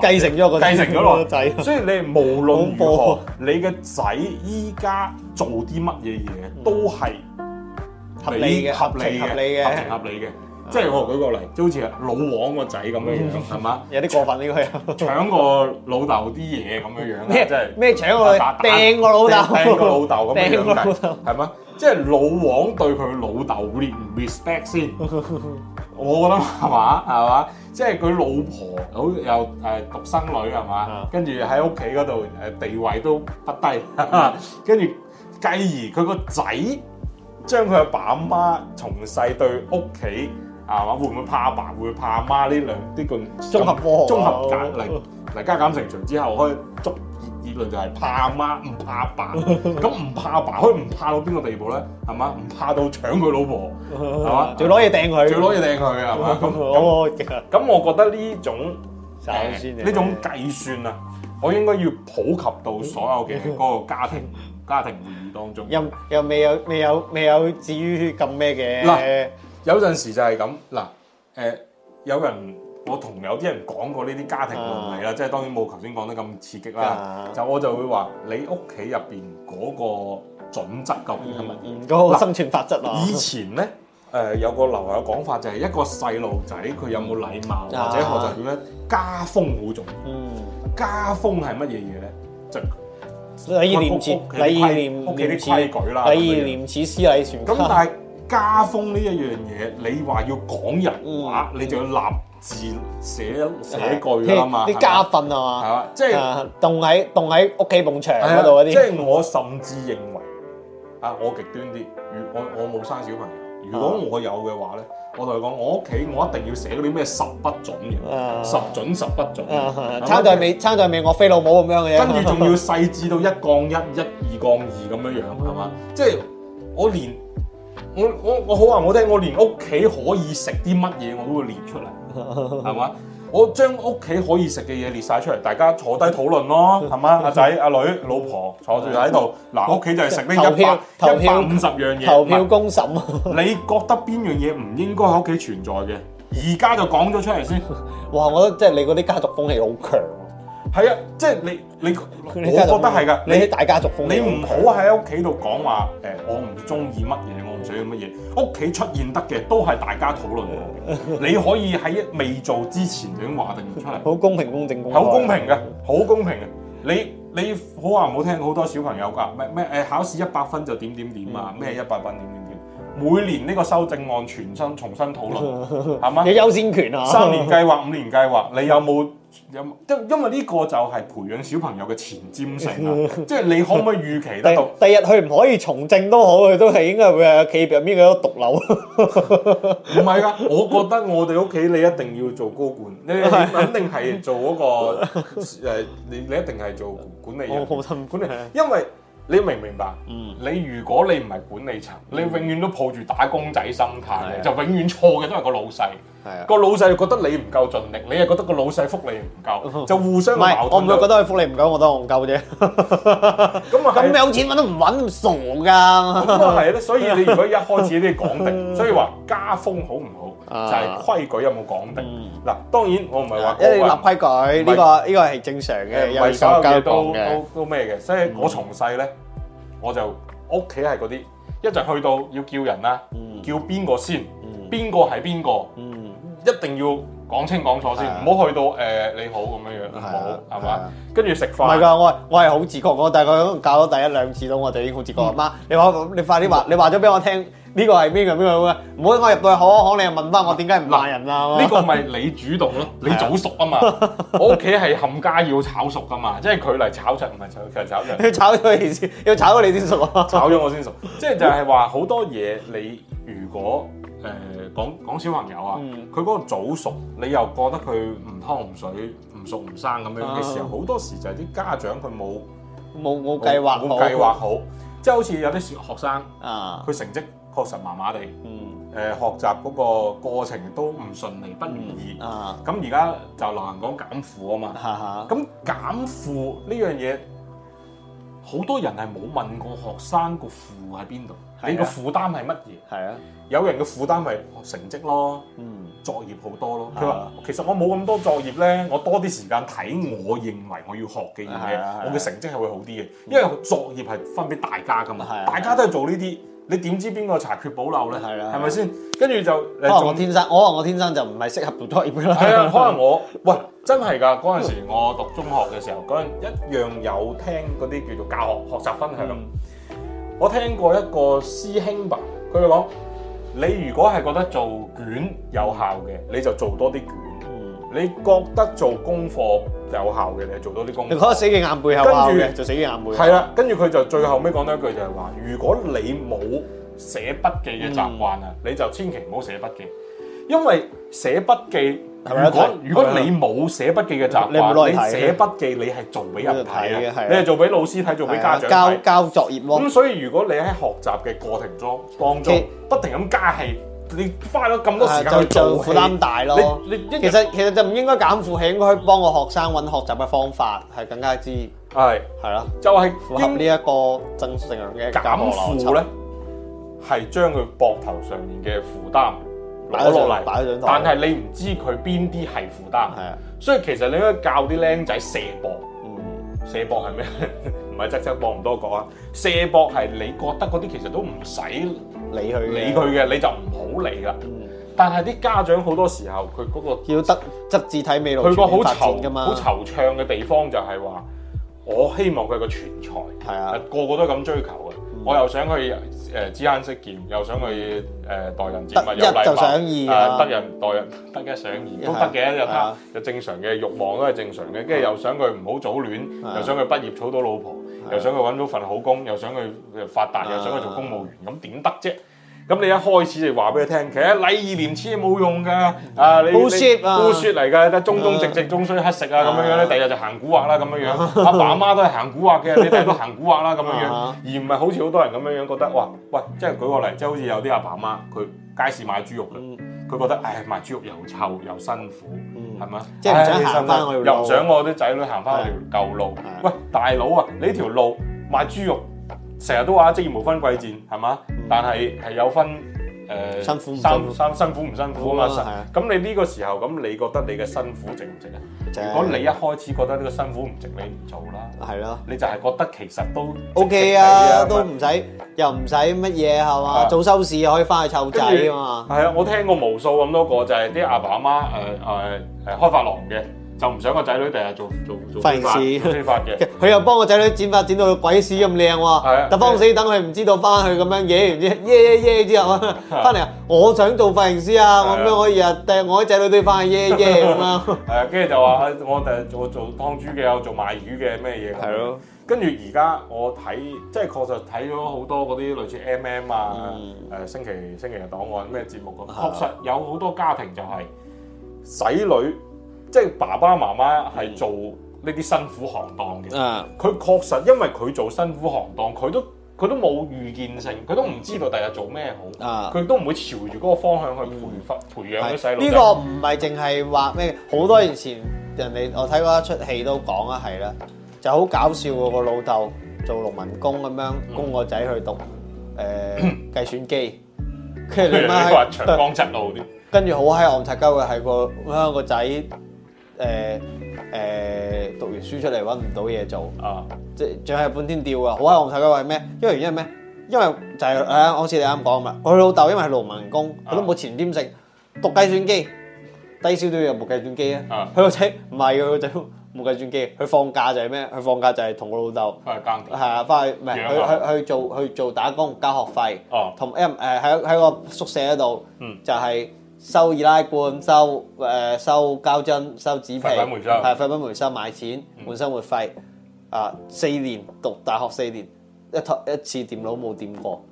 S1: 個 繼承咗個繼承咗個仔，所以你無論如何，你嘅仔依家做啲乜嘢嘢都係合理嘅，合，合理嘅，合，情合理合，情合理嘅。即係我舉個例，即好似老王個仔咁樣樣，係
S2: 嘛？有啲過分呢個，搶個老豆啲嘢咁樣樣。咩就咩？搶個掟個老豆，掟個老豆咁樣樣。
S1: 係嘛？即係老王對佢老豆唔 respect 先。我覺得話係嘛？即係佢老婆好又誒獨生女，係嘛？跟住喺屋企嗰度誒地位都不低。跟住繼而佢個仔將佢阿爸阿媽從細對屋企。係嘛，會唔會怕阿爸會怕阿媽呢兩啲咁綜合綜合減嚟嚟加減成長之後，可以捉結結論就係怕阿媽唔怕阿爸。咁唔怕阿爸，可以唔怕到邊個地步咧？係嘛，唔怕到搶佢老婆
S4: 係嘛？仲攞嘢掟佢，仲攞嘢掟佢係嘛？咁咁
S1: 咁，我覺得呢種
S2: 呢種計算啊，我應該要普及到所有嘅嗰個家庭家庭會議當中。又又未有未有未有至於咁咩
S1: 嘅嗱。有陣時就係咁嗱，誒有人我同有啲人講過呢啲家庭倫理啦，即係當然冇頭先講得咁刺激啦。就我就會話你屋企入邊嗰個準則究竟係乜嘢？嗰個生存法則啊！以前咧，誒有個流行嘅講法就係一個細路仔佢有冇禮貌或者學習點咧，家風好重要。家風係乜嘢嘢咧？就禮義念，屋企啲規矩恥、禮義廉恥、
S2: 師禮全。咁但係
S1: 家風呢一樣嘢，你話要講人話，你就要立字寫寫句啦嘛。啲家
S2: 訓啊嘛，係嘛？即係棟喺棟喺屋企埲牆嗰度啲。即係
S1: 我甚至認為啊，我極端啲，如我我冇生小朋友，如果我有嘅話咧，我同你講，我屋企我一定要寫嗰啲咩十不準嘅，十準十不準。參在
S2: 未參在未，我非老母咁樣嘅。跟住仲要細緻到一
S1: 槓一，一二槓二咁樣樣係嘛？即係我連。我我我好話我聽，我連屋企可以食啲乜嘢我都會列出嚟，係嘛？ 我將屋企可以食嘅嘢列晒出嚟，大家坐低討論咯，係嘛？阿仔、 啊、阿、啊、女、老婆坐住喺度，嗱 票，屋企就係食呢一百一百五十樣嘢，投票
S2: 公審。是 你
S1: 覺得邊樣嘢唔應該喺屋企存在嘅？而家就講咗出嚟先。 哇，我覺得
S2: 即係你嗰啲家族風氣好強。係啊，
S1: 即係你你，你你我覺得係噶。你喺大
S2: 家族你，你唔好
S1: 喺屋企度講話誒，我唔中意乜嘢，我唔想要乜嘢。屋企出現得嘅都係大家討論我。你可以喺未做之前已經話定
S2: 出嚟？好 公平公正公好公平嘅，好
S1: 公平嘅。 你你好話唔好聽，好多小朋友㗎咩咩誒考試一百分就點點點啊，咩一百分點點點。每年呢個修正案全新重新討
S4: 論，係嘛？ 你有
S1: 優先權啊！三年計劃五年計劃，你有冇？ 有因因為呢個就係培養小朋友嘅前瞻性 即係你可唔可以預期得到？
S2: 第日佢唔可以從政都好，佢都係應該會喺企業入邊嗰個毒瘤。唔係㗎，我覺得我哋屋企你一定要做高管， 你
S1: 肯定係做嗰、嗰個誒，你 你一定係做管理人。管理因為你明唔明白？嗯，你如果你唔係管理層，你永遠都抱住打工仔心態，嗯、的就永遠錯嘅都係個老細。個老細就覺得你唔夠盡力，你又覺得個
S2: 老細福利唔夠，就互相矛盾。唔係，我唔係覺得佢福利唔夠，我覺得我唔夠啫。咁啊，咁有錢搵都唔搵，咁傻噶。咁啊係咧，所以你如果一開始要講定，所以話
S1: 家風好唔好，就係規矩有冇講定。嗱，當然我唔係話一立規矩呢個
S2: 呢個係正常嘅，有手有腳都
S1: 都咩嘅。所以我從細咧，我就屋企係嗰啲，一陣去到要叫人啦，叫邊個先，邊個係邊個。一定要講清講楚先，唔好去到誒你好咁樣樣，好係嘛？跟住食飯。唔係㗎，
S2: 我係我係好自覺，我大概搞咗第一兩次，到我就已經好自覺。阿媽，你話你快啲話，你話咗俾我聽，呢個係邊個邊個嘅？唔好我入到去，行行你又問翻我點解唔鬧人啊？呢個咪你主動咯，你早熟
S1: 啊嘛。我屋企係冚家要炒熟噶嘛，即係佢嚟炒出，唔係佢佢嚟
S2: 炒出。要炒咗佢先，要炒咗你先熟。炒咗我先熟，
S1: 即係就係話好多嘢，你如果。誒講講小朋友啊，佢嗰個早熟，你又覺得佢唔湯唔水、唔熟唔生咁樣嘅時候，好多時就係啲家長佢冇
S2: 冇冇計劃好，冇計劃好，
S1: 即係好似有啲學生啊，佢成績確實麻麻地，誒學習嗰個過程都唔順利、不如意啊。咁而家就流行講減負啊嘛，咁減負呢樣嘢，好多人係冇問過學生個負喺邊度，你個負擔係乜嘢？係啊。有人嘅負擔係學成績咯，作業好多咯。佢話其實我冇咁多作業咧，我多啲時間睇，我認為我要學嘅嘢，我嘅成績係會好啲嘅。因為作業係分俾大家噶嘛，大家都係做呢啲，你點知邊個查缺補漏咧？係啦，係咪先？跟住就我話我天生，我話我天生就唔係適合做作業啦。係啊，可能我喂真係噶嗰陣時，我讀中學嘅時候嗰陣一樣有聽嗰啲叫做教學學習分享。我聽過一個師兄吧，佢哋講。你如果係覺得做卷有效嘅，你就做多啲卷；嗯、你覺得做功課有效嘅，你就做多啲功課，你如果死記
S2: 硬背有效嘅，着就
S1: 死記硬背。係啦，跟住佢就最後尾講多一句就係話：如果你冇寫筆記嘅習慣啊，嗯、你就千祈唔好寫筆記，因為寫筆記。如果如果你冇寫筆記嘅習慣，的你寫筆記你係做俾人睇嘅，係的你係做俾老師睇，的做俾家長睇，交交作業咯。咁、嗯、所以如果你喺學習嘅過程中當中不停咁加
S2: 戲，你花咗咁多時間去做，就就負擔大咯。你，你其實其實就唔應該減負氣，係應該去幫個學生揾學習嘅方法係更加之係係啦。就係符合呢一個正常嘅減負咧，係將佢膊頭上面嘅負擔。擺咗落嚟，擺咗但係你
S1: 唔知佢邊啲係負擔，係啊，所以其實你應該教啲僆仔射博。射博係咩？唔係側側膊唔多覺啊！射博係你覺得嗰啲其實都唔使
S2: 理佢，理佢嘅你就
S1: 唔好理啦。嗯、但係啲家長好多時候佢嗰、嗰個要得，側視睇未來去個好惆嘅嘛，好惆悵嘅地方就係話我希望佢係個全才，係啊，個個都咁追求嘅，嗯、我又想去。誒知慳識儉，又想佢誒待人接物有禮貌，得一就想二啊！得人待人，得一想二都得嘅，有正常嘅欲望都係正常嘅，跟住又想佢唔好早戀，又想佢畢業娶到老婆，又想佢揾到份好工，又想佢發達，又想佢做公務員，咁點得啫？咁你一開始就話俾佢聽，其實禮義廉恥冇用噶，啊，你故説嚟㗎，得、啊啊、忠忠直直終須乞食啊咁樣樣咧，第二日就行古惑啦咁樣，阿爸阿媽都係行古惑嘅，你第二日行古惑啦咁樣，而唔係好似好多人咁樣覺得，哇，喂，即係舉個例子，即係好似有啲阿爸阿媽，佢街市買豬肉嘅，佢覺得唉、哎、買豬肉又臭又辛苦，係咪啊？又想我啲仔女行翻嗰條舊路，喂大佬啊，呢條路賣豬肉。成日都話職業無分貴賤係嘛，嗯、但係係有分誒、呃、辛苦唔辛苦辛苦唔辛苦啊嘛。咁你呢個時候咁，你覺得你嘅辛苦值唔值啊？
S2: 就是、如果你一
S1: 開始覺得呢個辛苦唔值你，你唔做啦。係咯的，你就係覺得其實都
S2: O、OK、K 啊，的都唔使又唔使乜嘢係嘛，的做收市可以翻去湊仔啊嘛。係啊，我
S1: 聽過無數咁多個，就係啲阿爸阿媽誒誒開發廊嘅。就唔想個仔女第日做做做髮型師推髮
S2: 嘅，佢又幫個仔女剪髮剪到鬼屎咁靚喎。係啊，但幫死等佢唔知道翻去咁樣嘢，唔知耶耶耶之後啊，翻嚟啊，我想做髮型師啊，我咁樣我日日掟我啲仔女都翻去耶耶咁啦。
S1: 係啊，跟住就話我第日做做劏豬嘅，我做賣魚嘅咩嘢咁。係咯，跟住而家我睇即係確實睇咗好多嗰啲類似 M M 啊，誒星期星期日檔案咩節目咁。確實有好多家庭就係仔女。即係爸爸媽媽係做呢啲辛苦行當嘅，佢、嗯、確實因為佢做辛苦行當，佢都佢都冇預見性，佢都唔知道第日做咩好，佢、嗯、都唔會朝
S2: 住嗰個方向去培訓、嗯、培養啲細路。呢、呢個唔係淨係話咩？好多年前人哋我睇過一出戲都講啊，係啦，就好搞笑喎！個老豆做農民工咁樣供個仔去讀誒、嗯呃、計算機，你媽媽嗯、長跟住呢、呢個係江七路啲，跟住好閪戇柒鳩嘅係個咩個仔。誒誒，讀完書出嚟搵唔到嘢做啊，即係仲喺半天吊啊，好閪戇晒嘅話係咩？因為原因係咩？因為就係誒，好似你啱講咁嘛。佢老豆因為係農民工，佢都冇錢點食，冇前瞻性。讀計算機，低消都要有部計算機啊。佢個仔唔係佢個仔冇計算機，佢放假就係咩？佢放假就係同個老豆翻去耕田，係啊，翻去唔係去去去做去做打工交學費。哦，同 M 誒喺喺個宿舍嗰度，嗯，就係。收易拉罐，收誒、呃、收膠樽，收紙皮，係廢品回收，費費收賣錢，換生活費啊，四、嗯呃、年讀大學，四年，一台一次電腦，冇掂過。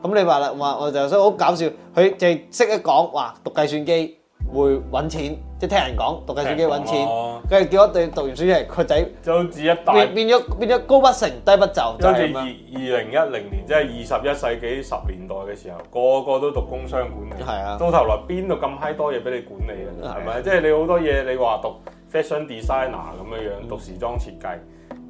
S2: 咁 你話啦，話我就所以好搞笑，佢淨係識一講，話讀計算機。會搵錢，即係聽人講讀計算機搵錢，跟住叫我哋讀完書嘅，佢仔就好似一大變變咗變咗高不成低不就。跟住是
S1: 二零一零年，即係二十一世紀十年代嘅時候，個個都讀工商管理，啊，到頭來邊度咁閪多嘢俾你管理是是啊？係咪？即係你好多嘢，你話讀 fashion designer 咁樣樣，讀時裝設計。嗯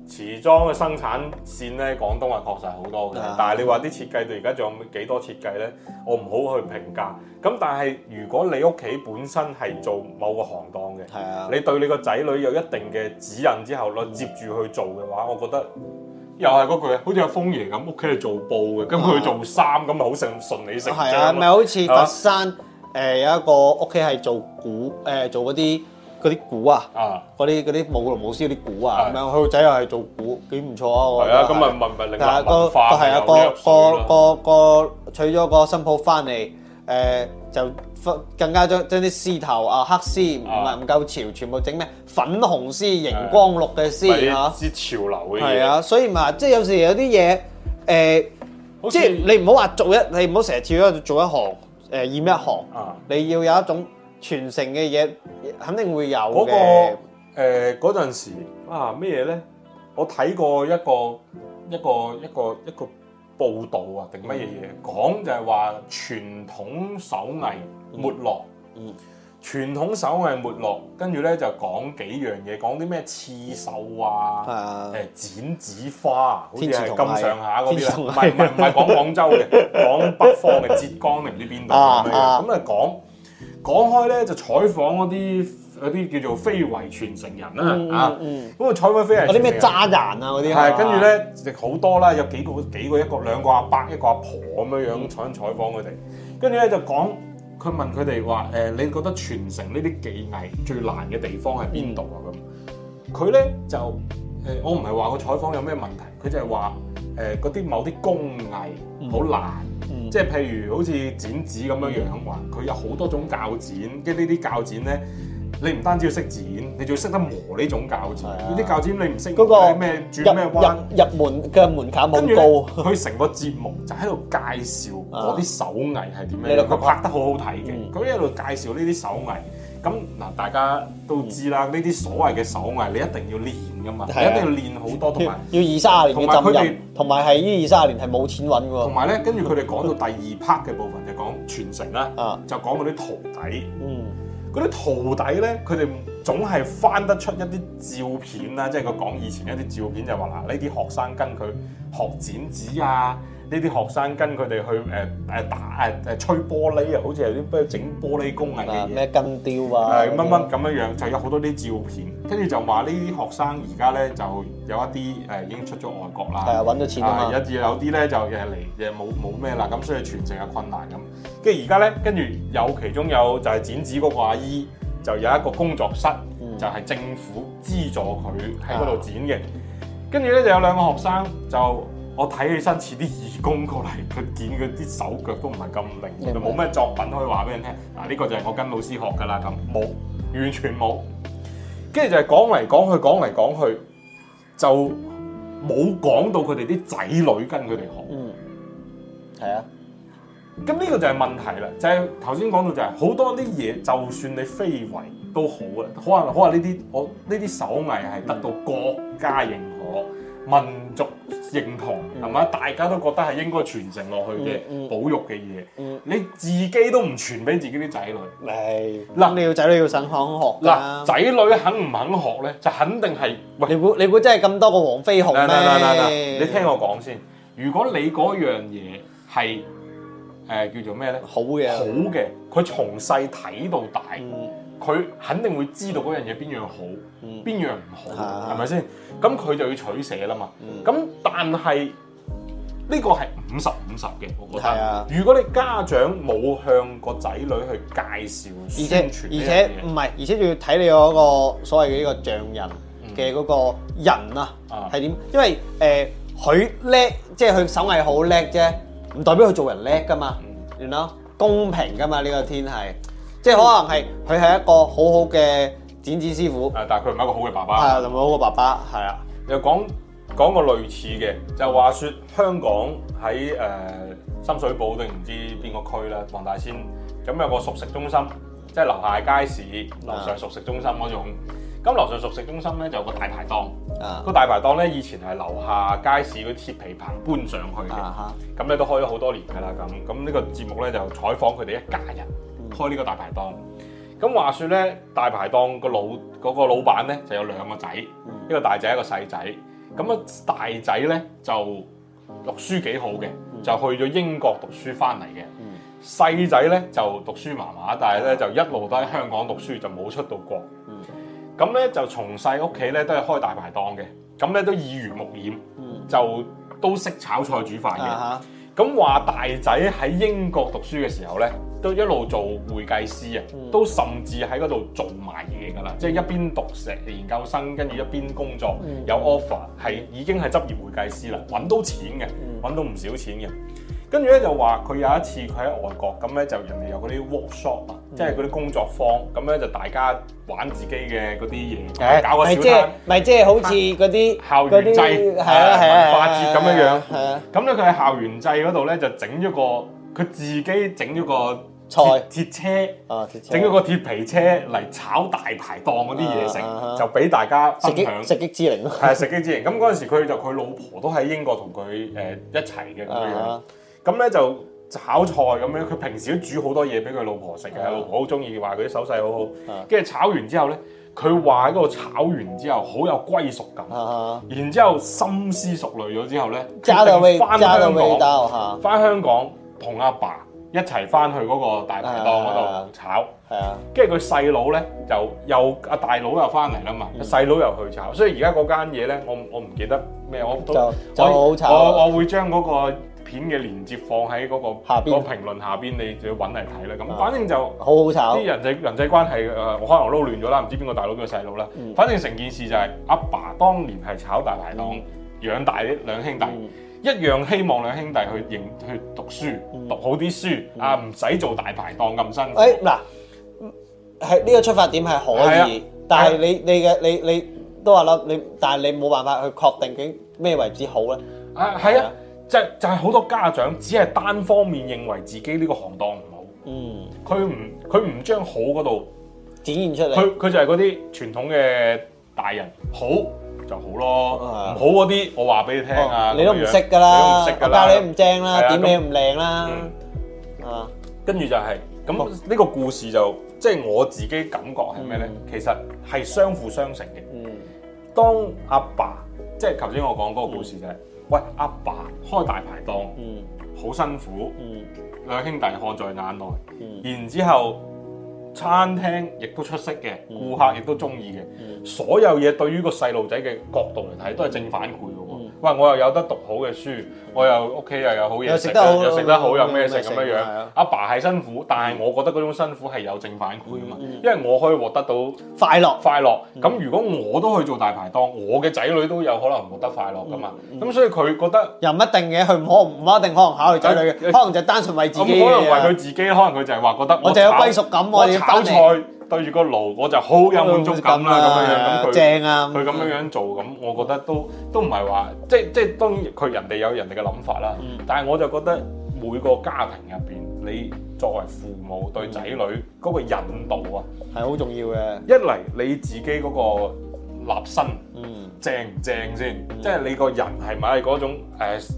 S1: 瓷裝嘅生產線咧，廣東係確實好多嘅，啊、但係你話啲設計到而家仲有幾多設計咧？我唔好去評價。咁但係如果你屋企本身係做某個行當嘅，啊、你對你個仔女有一定嘅指引之後，攞接住去做嘅話，我覺得又係嗰句，啊、好似阿風爺咁，屋企係做布嘅，咁佢、啊、做衫，咁咪好順順理成章。係啊，咪、啊、好
S2: 似佛山誒有一個屋企係做古誒做嗰啲。嗰啲鼓啊，嗰啲嗰啲舞龍舞獅嗰啲鼓啊，唔係佢個仔又係做鼓，幾唔錯啊！係啊，今日文文力文化又開書咯。個取個娶咗個新抱翻嚟，誒、呃、就更加將將啲獅頭黑啊黑絲唔係唔夠潮，全部整咩粉紅絲、熒光綠嘅絲嚇，
S1: 潮流嘅嘢。係啊，
S2: 所以嘛、就是，即係有時有啲嘢誒，呃、像即係你唔好話做一，你唔好成日跳咗做一行，誒厭一行，呃呃一行啊、你要有一種。傳承嘅嘢肯定會有個誒，嗰陣時啊咩嘢咧？我睇過一個一
S1: 個一個一個報道啊定乜嘢嘢，講，就係話傳統手藝沒落。嗯，傳統手藝沒落，跟住咧就講幾樣嘢，講啲咩刺繡啊，誒，剪紙花，好似係咁上下嗰啲啦。唔係唔係唔係講廣州嘅，講北方嘅浙江定唔知邊度咁樣咁啊講。講開咧就採訪嗰啲啲叫做非遺傳承人啦嚇，咁啊、嗯嗯嗯、採訪非遺啲咩渣人啊嗰啲，係跟住咧好多啦，有幾個幾個一個兩個阿伯一個阿婆咁樣樣採訪佢哋，跟住咧就講佢問佢哋話誒，你覺得傳承呢啲技藝最難嘅地方係邊度啊？咁佢咧就。我唔係話個採訪有咩問題，佢就係話誒嗰啲某啲工藝好難，嗯嗯、即係譬如好似剪紙咁樣樣話，佢、嗯、有好多種鉸剪，跟呢啲鉸剪咧，你唔單止要識剪，你仲要識得磨呢種鉸剪，呢啲鉸剪你唔識嗰個咩？入入入門嘅門檻冇到，佢成個節目就喺度介紹嗰啲手藝係點樣，佢、啊、拍得好好睇嘅，佢喺度介紹呢啲手藝。咁嗱，大家都知啦，呢啲所謂嘅手藝，你一定要練噶嘛，的一定要練好多，同埋要
S2: 二三十年嘅浸入，
S1: 同埋係呢二三十年係冇錢揾喎。同埋咧，跟住佢哋講到第二 part 嘅部分， 就講傳承啦，啊、就講嗰啲徒弟，嗰啲、嗯、徒弟咧，佢哋總係翻得出一啲照片啦，即係佢講以前一啲照片，就話、是、嗱，呢啲學生跟佢學剪紙啊。嗯呢啲學生跟佢哋去誒誒、啊、打誒誒、啊、吹玻璃啊，好似有啲咩整玻璃工啊咩金雕啊？誒、啊，乜乜咁樣樣，就有好多啲照片。跟住就話呢啲學生而家咧就有一啲誒已經出咗外國啦。係啊，搵咗錢啊嘛。啊有有啲咧就誒嚟誒冇冇咩啦，咁所以傳承嘅困難咁。跟住而家咧，跟住有其中有就係剪紙嗰個阿姨，就有一個工作室，就係、是、政府資助佢喺嗰度剪嘅。跟住咧就有兩個學生就。我睇起身似啲義工過嚟，佢見佢啲手腳都唔係咁靈，又冇咩作品可以話俾人聽。嗱，呢個就係我跟老師學㗎啦。咁冇，完全冇。跟住就係講嚟講去，講嚟講去，就冇講到佢哋啲仔女跟佢哋學。嗯，係啊。咁呢個就係問題啦。就係頭先講到就係、是、好多啲嘢，就算你非遺都好啊，可能可能呢啲，我呢啲手藝係得到國家認可。嗯嗯民族認同係嘛？嗯、大家都覺得係應該傳承落去嘅保育嘅嘢，嗯嗯、你自己
S2: 都唔傳俾自己啲仔女，你嗱你要仔女要想學學，啊啊、女肯肯學，嗱仔女肯唔肯學咧？就肯定係，你估你估真係咁多個黃飛鴻，你聽我
S1: 講先，如果你嗰樣嘢係誒叫做咩咧？好嘅，好嘅，佢從細睇到大。嗯佢肯定會知道嗰樣嘢邊樣好，邊、嗯、樣唔好，係咪先？咁佢就要取捨啦嘛。咁、嗯、但係呢、呢個係五十五十嘅，我覺得。係啊。如果你家長冇向個仔女去介紹宣傳而且
S2: 唔係，而且仲要睇你嗰個所謂嘅呢個匠人嘅嗰個人啊，係點、嗯？因為誒，佢、呃、叻，即係佢手藝好叻啫，唔代表佢做人叻噶嘛。然啦、嗯，公平噶嘛呢、呢個天係。即係可能係佢係一個好好嘅剪紙師傅，啊，但係佢唔係一個好嘅爸爸，係啊的，唔係好嘅爸爸，係啊，又講講個類似嘅，就
S1: 話說香港喺誒、呃、深水埗定唔知邊個區啦，黃大仙咁有個熟食中心，即係樓下街市樓上熟食中心嗰種。咁樓的上熟食中心咧就有個大排檔，啊的，個大排檔咧以前係樓下街市嗰啲鐵皮棚搬上去嘅，咁咧的的都開咗好多年噶啦。咁咁呢個節目咧就採訪佢哋一家人。開呢個大排檔，咁話說咧，大排檔、那個老嗰個老闆咧就有兩個,、嗯、個仔，一個仔大仔一個細仔。咁啊大仔咧就讀書幾好嘅，就去咗英國讀書翻嚟嘅。細、嗯、仔咧就讀書麻麻，但係咧就一路都喺香港讀書，就冇出到國。咁咧、嗯、就從細屋企咧都係開大排檔嘅，咁咧都耳濡目染，嗯、就都識炒菜煮飯嘅。咁、啊、哈話大仔喺英國讀書嘅時候咧。都一路做會計師啊，都甚至喺嗰度做埋嘢噶啦，即係一邊讀碩研究生，跟住一邊工作有 offer，係已經係執業會計師啦，揾到錢嘅，揾到唔少錢嘅。跟住咧就話佢有一次佢喺外國，咁咧就人哋有嗰啲 workshop 啊、嗯，即係嗰啲工作坊，咁咧就大家玩自己嘅嗰啲嘢，搞個小攤，咪即係好似
S2: 嗰啲校園祭、文化節咁樣樣。
S1: 咁咧佢喺校園祭嗰度咧就整咗個。佢自己整咗個鐵鐵車，整咗個鐵皮車嚟炒大排檔嗰啲嘢食，就俾大家分享。食極之靈咯，係食極之靈。咁嗰陣時，佢就佢老婆都喺英國同佢誒一齊嘅咁樣。咁咧就炒菜咁樣，佢平時都煮好多嘢俾佢老婆食嘅，老婆好中意，話佢啲手勢好好。跟住炒完之後咧，佢話喺嗰度炒完之後好有歸屬感。然之後深思熟慮咗之後咧，翻香港。同阿爸，爸一齊翻去嗰個大排檔嗰度炒，啊，跟住佢細佬咧就又阿大佬又翻嚟啦嘛，細佬、嗯、又去炒，所以而家嗰間嘢咧，我我唔記得咩，我都就就好我我，我會將嗰個片嘅連接放喺嗰、嗰個下面個評論下邊，你就要揾嚟睇啦。咁，反正就好好炒啲人際人際關係，我可能撈亂咗啦，唔知邊個大佬邊個細佬啦。嗯、反正成件事就係、是、阿爸，爸當年係炒大排檔養、嗯、大兩兄弟、嗯。嗯一樣希望兩兄弟去認去讀書，嗯、讀好啲書、嗯、啊！唔使做大
S2: 排檔咁辛苦。誒嗱、哎，係呢、這個出發點係可以，啊、但係你你嘅你你都話啦，你,你，你，你，你但係你冇辦法去確定究竟咩為之好咧？
S1: 啊，係啊，啊
S2: 啊就係、就係、是、好多家長只係單方面認為自己呢個行當唔好，嗯，
S1: 佢唔佢唔將好嗰度展現出嚟，佢佢就係嗰啲傳統嘅大人好。就好咯，唔好嗰啲我話俾你聽啊，你都唔識噶啦，我教你唔正啦，點你唔靚啦，啊，跟住就係咁呢個故事就即係我自己感覺係咩咧？其實係相輔相成嘅。當阿爸即係頭先我講嗰個故事就係，喂，阿爸開大排檔，嗯，好辛苦，嗯，兩兄弟看在眼內，然之後。餐廳亦都出色嘅，顧客亦都鍾意嘅，嗯，所有嘢對於個細路仔嘅角度嚟睇都係正反饋。喂，我又有得讀好嘅書，我又屋企又有好嘢食，又食得好，有咩食咁樣樣。阿爸係辛苦，但係我覺得嗰種辛苦係有正反饋啊嘛，因為我可以獲得到快樂。快樂咁，如果我都去做大排檔，我嘅仔女都有可能獲得快樂噶嘛。
S2: 咁所以佢覺得又唔一定嘅，佢唔可唔一定可能考慮仔女嘅，可能就單純為自己。咁可能為佢
S1: 自己，可能佢就係話覺得我就有歸屬感，我炒菜。對住個爐，我就好有滿足感啦咁樣、正啊、樣，佢佢咁樣樣做咁，我覺得都都唔係話，即係即係當然佢人哋有人哋嘅諗法啦，嗯、但係我就覺得每個家庭入邊，你作為父母對仔女嗰個引導啊，係好重要嘅。一嚟你自己嗰個立身，嗯、正唔正先？即係、嗯、你個人係咪嗰種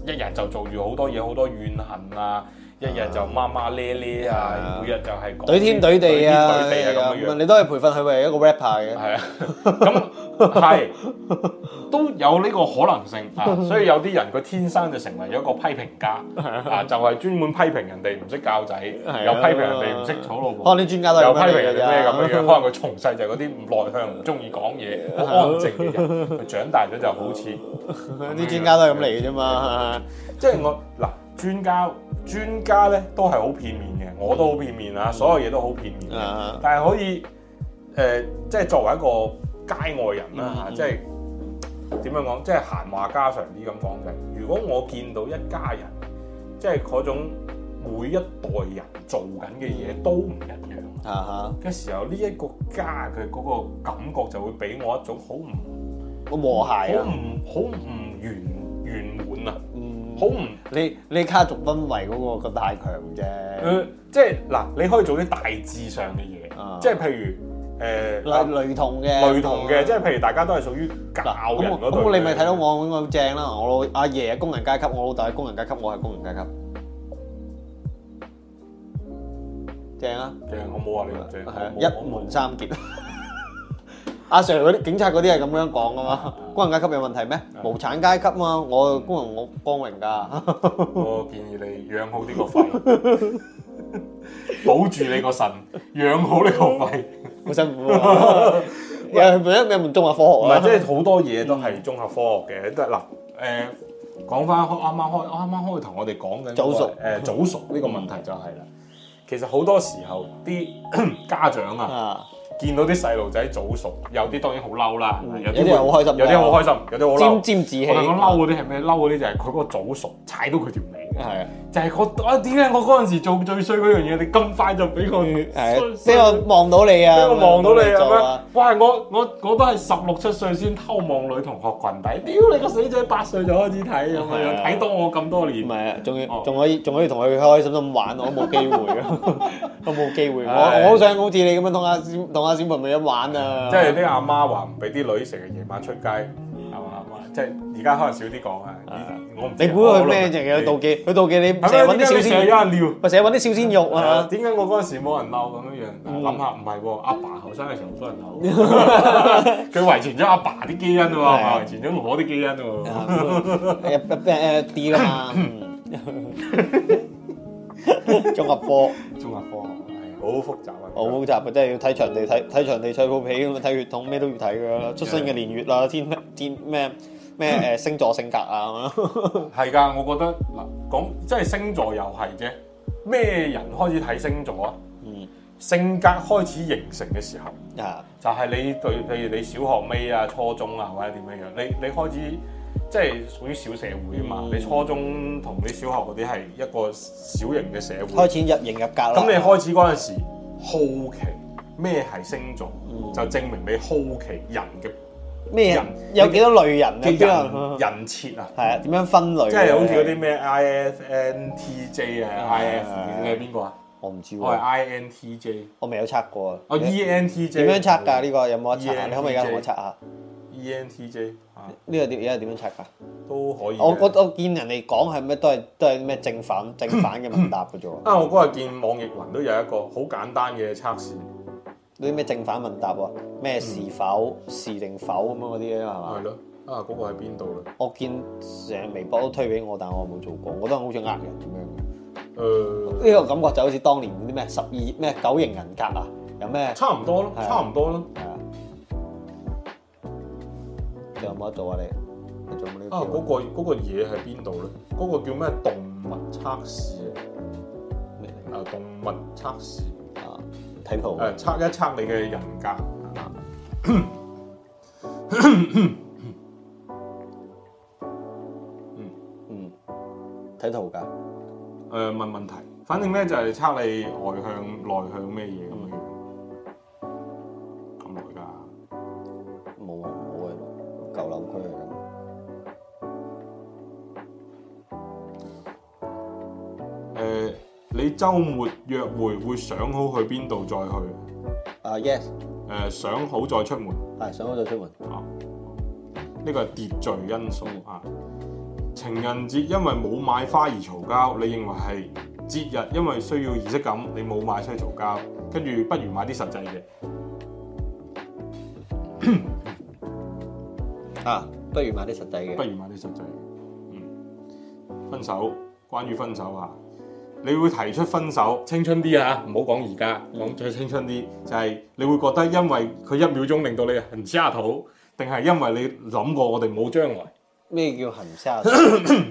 S1: 一日就做住好多嘢，好多怨恨啊？一日就罵罵咧咧啊，每日就係懟天懟地啊，咁樣樣。
S2: 你都係培訓佢為一個 rapper 嘅。
S1: 係啊，咁係都有呢個可能性啊。所以有啲人佢天生就成為咗一個批評家啊，就係專門批評人哋唔識教仔，又批評人哋唔識草老婆。可能啲專家都有咩啊？又批評人哋咩咁樣樣？可能佢從細就係嗰啲內向、唔中意講嘢、好安靜嘅人，佢長大咗就好似啲專家都係咁嚟嘅啫嘛。即係我嗱專家。專家咧都係好片面嘅，我都好片面啊！所有嘢都好片面。Uh huh. 但係可以誒、呃，即係作為一個街外人啦嚇、uh huh.，即係點樣講？即係閒話家常啲咁講嘅。如果我見到一家人，即係嗰種每一代人做緊嘅嘢都唔一樣嘅、uh huh. 時候，呢、這、一個家嘅嗰個感覺就會俾
S2: 我一種好唔好和諧、啊，好唔好唔
S1: 圓圓。
S2: 好唔你你家族氛圍嗰個個太強啫，。 即係嗱，你可以做啲大致上嘅嘢，即係、嗯啊嗯啊、譬如誒類、呃、類同嘅雷同嘅，即係譬如大家都係屬於教咁類，咁、啊、你咪睇到我咁正啦、啊，我老，阿爺係工人階級，我老豆係工，工人階級，我係工人階級，正啊，正，我冇話你正，係啊， mm. 一門三傑。阿 Sir 嗰啲警察嗰啲係咁樣講噶嘛？工人階級有問題咩？無產階級嘛，我工人我光榮噶。
S1: 我建議你養好呢個肺，
S2: 保
S1: 住你個腎，養好呢個肺。好辛
S2: 苦啊！又唔係一咩門綜合科學？唔係，即係
S1: 好多嘢都係綜合科學嘅。得嗱誒，講翻啱啱開啱啱開頭，那個，我哋講緊早熟誒、嗯、早熟呢個問題就係啦。其實好多時候啲家長啊。啊見到啲細路仔早熟，有啲當然好嬲啦，嗯、有啲好開，開心，有啲好開心，有啲好開心。沾沾自喜。我嬲嗰啲係咩？嬲嗰啲就係佢嗰個早熟踩到佢條尾。係啊，就係我，我點解我嗰陣時做最衰嗰樣嘢？你咁快就俾我，俾我望
S2: 到你啊！我望到你啊！係咪？
S1: 哇！我我我都係十六七歲先偷望女同學裙底，屌你個死仔！八歲就開始睇咁啊，睇
S2: 多我咁多年。係啊，仲要仲可以仲可以同佢開開心心咁玩，我冇機會啊！我冇機會。我我好想好似你咁樣同阿小同阿小朋友咁玩啊！即係啲阿媽話唔
S1: 俾啲女成日夜晚出街。即係而家可能少
S2: 啲講啊！我唔你估佢咩？淨係妒忌，佢妒忌你成日揾啲小鮮肉，成日揾啲小鮮肉啊！
S1: 點解我嗰陣時冇人鬧？咁樣我諗下唔係喎，阿爸後生嘅時候好
S2: 多
S1: 人鬧，佢遺傳咗阿爸啲基因喎，唔遺傳咗我啲基因
S2: 喎，一啲啊綜合科，綜合科，好複雜啊！好複雜啊！即係要睇場地，睇睇場地吹布皮咁，睇血統咩都要睇噶，出生嘅年月啦，天天咩？咩星座性格啊？係
S1: 㗎，我覺得嗱，講即係星座又係啫。咩人開始睇星座啊？
S2: 嗯，
S1: 性格開始形成嘅時候啊，就係你對，譬如你小學尾啊、初中啊或者點樣樣，你你開始即係屬於小社會啊嘛。嗯、你初中同你小學嗰啲係一個小型嘅社會，開始入型入格。咁你開始嗰陣時好奇咩係星座，嗯、就證明你好奇人嘅。
S2: 咩人有幾多類人咧？
S1: 人設啊？
S2: 係啊，點樣分類？即係好似嗰啲
S1: 咩 I S N T J 啊？I S N T J 係邊個啊？我唔知喎。我係 I
S2: N T J。我未有測過。哦 E N T J。點樣測㗎？呢個有冇得測？你可唔可以而家同我測下？E N T J。呢個點？而家點樣測㗎？都可以。我覺得我見人哋講係咩？都係都係咩正反正反嘅問答嘅啫啊！我嗰日見網易雲都有一個好簡單嘅測試。嗰啲咩正反問答、嗯、啊？咩是否是定否咁樣嗰啲咧係嘛？係咯，啊嗰個喺邊度咧？我見成微博都推俾我，但係我冇做過，我都係好似呃人咁樣嘅。誒，呢個感覺就好似當年嗰啲咩十二咩九型人格啊，有咩？差唔多咯，啊、差唔多咯。誒、啊，你有冇得做啊你？你做唔做啊？做啊嗰、啊嗰個嘢喺邊度咧？
S1: 嗰、嗰個嗰個叫咩動物測試？誒動物測試啊！麼睇圖，誒，測一測你嘅人格。嗯嗯，睇圖噶，誒，問問題，反正咧就係、是、測你外向內向咩嘢咁樣。咁耐噶，冇呀，冇呀，舊樓區。你周末約會會想好去邊度再去？啊、uh, yes，誒、呃、想好再出門。係想好再出門。哦、啊，呢個係秩序因素啊。情人節因為冇買花而嘈交，你認為係節日因為需要儀式感，你冇買出去嘈交，跟住不如買啲實際嘅。啊，不如買啲實際嘅、啊。不如買啲實際嘅。嗯，分手，關於分手啊。你會提出分手，青春啲啊，唔好講而家，講最青春啲，就係、是、你會覺得因為佢一秒鐘令到你痕死肚，定係因為你諗過我哋冇將來？
S2: 咩叫痕死？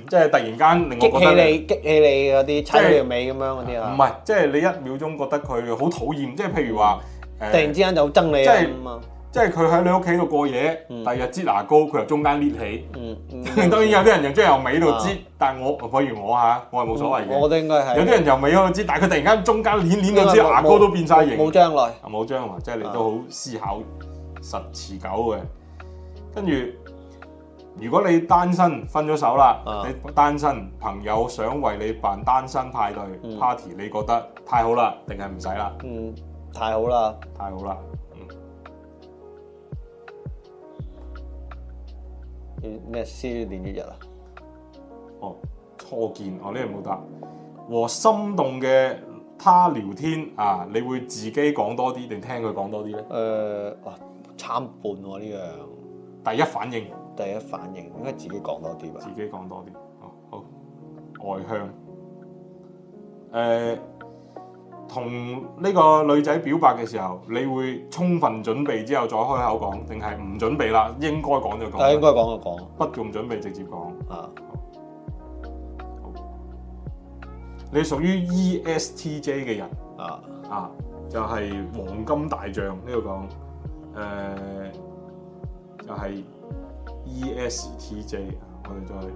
S1: 即係突然間令我覺得激起你，激
S2: 起你嗰啲踩你條尾咁樣嗰啲啊？唔係，即係、
S1: 就是就是、你一秒鐘覺得佢好討厭，即、就、係、是、譬如話，
S2: 呃、突然之
S1: 間就憎你啊嘛、就是。即係佢喺你屋企度過夜，第日擠牙膏佢由中間 lift 起。嗯嗯、 當然有啲人又中由尾度擠，但係我，譬如我吓，我係冇所謂嘅。我哋應該係有啲人由尾度擠，但係佢突然間中間攣攣到支牙膏都變晒型。冇將來，冇將來，即係你都好思考十、嗯、持久嘅。跟住，如果你單身分咗手啦，嗯、你單身朋友想為你辦單身派對 party、嗯、你覺得太好啦，定係唔使
S2: 啦？嗯，太好啦，太好啦。咩思念一日啊？哦，
S1: 初見哦，呢個冇答。和、哦、心動嘅他聊天啊，你會自己講多啲定聽佢講多啲咧？誒、呃，哇、哦，參半喎、啊、呢樣。第一反應？第一反應應該自己講多啲吧？自己講多啲。哦，好，外向。誒、呃。同呢個女仔表白嘅時候，你會充分準備之後再開口講，定係唔準備啦？應該講就講，應該講就應該講就講，不用準備直接講。啊，好，你屬於 E S T J 嘅人，啊啊，就係黃金大將呢個講，誒，就係 E S T J，我哋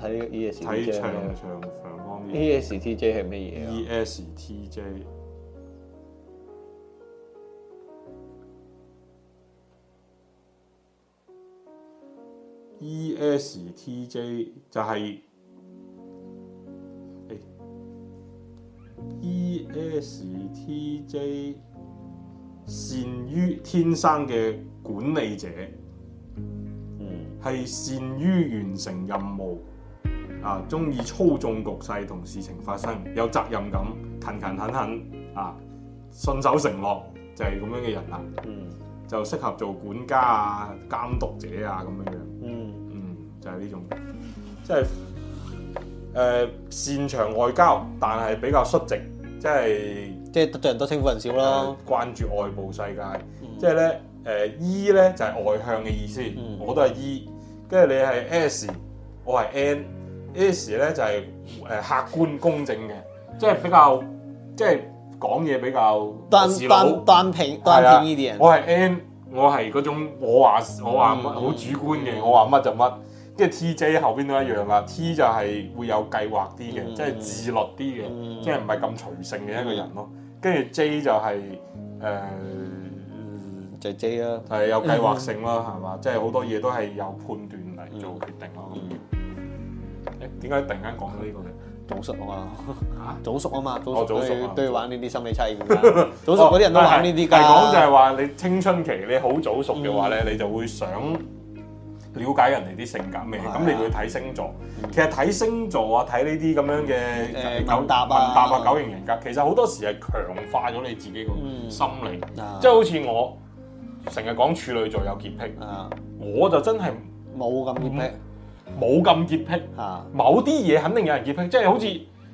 S1: 再睇 E S T J 睇場場。E S T J 係乜嘢？E S T J，E S T J 就係、是，誒，E S T J 善於天生嘅管理者，嗯，係善於完成任務。啊，中意操縱局勢同事情發生，嗯、有責任感，勤勤懇懇啊，信守承諾就係咁樣嘅人啦。嗯，就適合做管家啊、監督者啊咁樣樣。嗯嗯，就係、是、呢種，即係誒擅長外交，但係比較率直，即係即係得罪人多，稱呼人少啦。關注、啊、外部世界，即係咧誒 E 咧就係外向嘅意思，我都係 E，跟住你係 S，我係 N。呢啲時咧就係誒客觀公正嘅，即係比較即係講嘢比較良好。單單
S2: 單評，單評呢啲人。我
S1: 係 N，我係嗰種我話我話好主觀嘅，我話乜就乜。跟住 TJ 後邊都一樣啦。T 就係會有計劃啲嘅，即係自律啲嘅，即係唔係咁隨性嘅一個人咯。跟住 J 就係誒就係 J 啦，係有計劃性咯，係嘛？即係好多嘢都係有判斷嚟做決定咯。點解突然間講到呢個嘅早熟啊？啊早熟啊嘛，早熟對玩呢啲心理測驗，早熟嗰啲人都玩呢啲噶。係講就係話你青春期你好早熟嘅話咧，你就會想了解人哋啲性格咩？咁你會睇星座，其實睇星座啊，睇呢啲咁樣嘅九答啊，九型人格，其實好多時係強化咗你自己個心理，即係好似我成日講處女座有潔癖，我就真係冇咁潔癖。冇咁潔癖，某啲嘢肯定有人潔癖，即係好似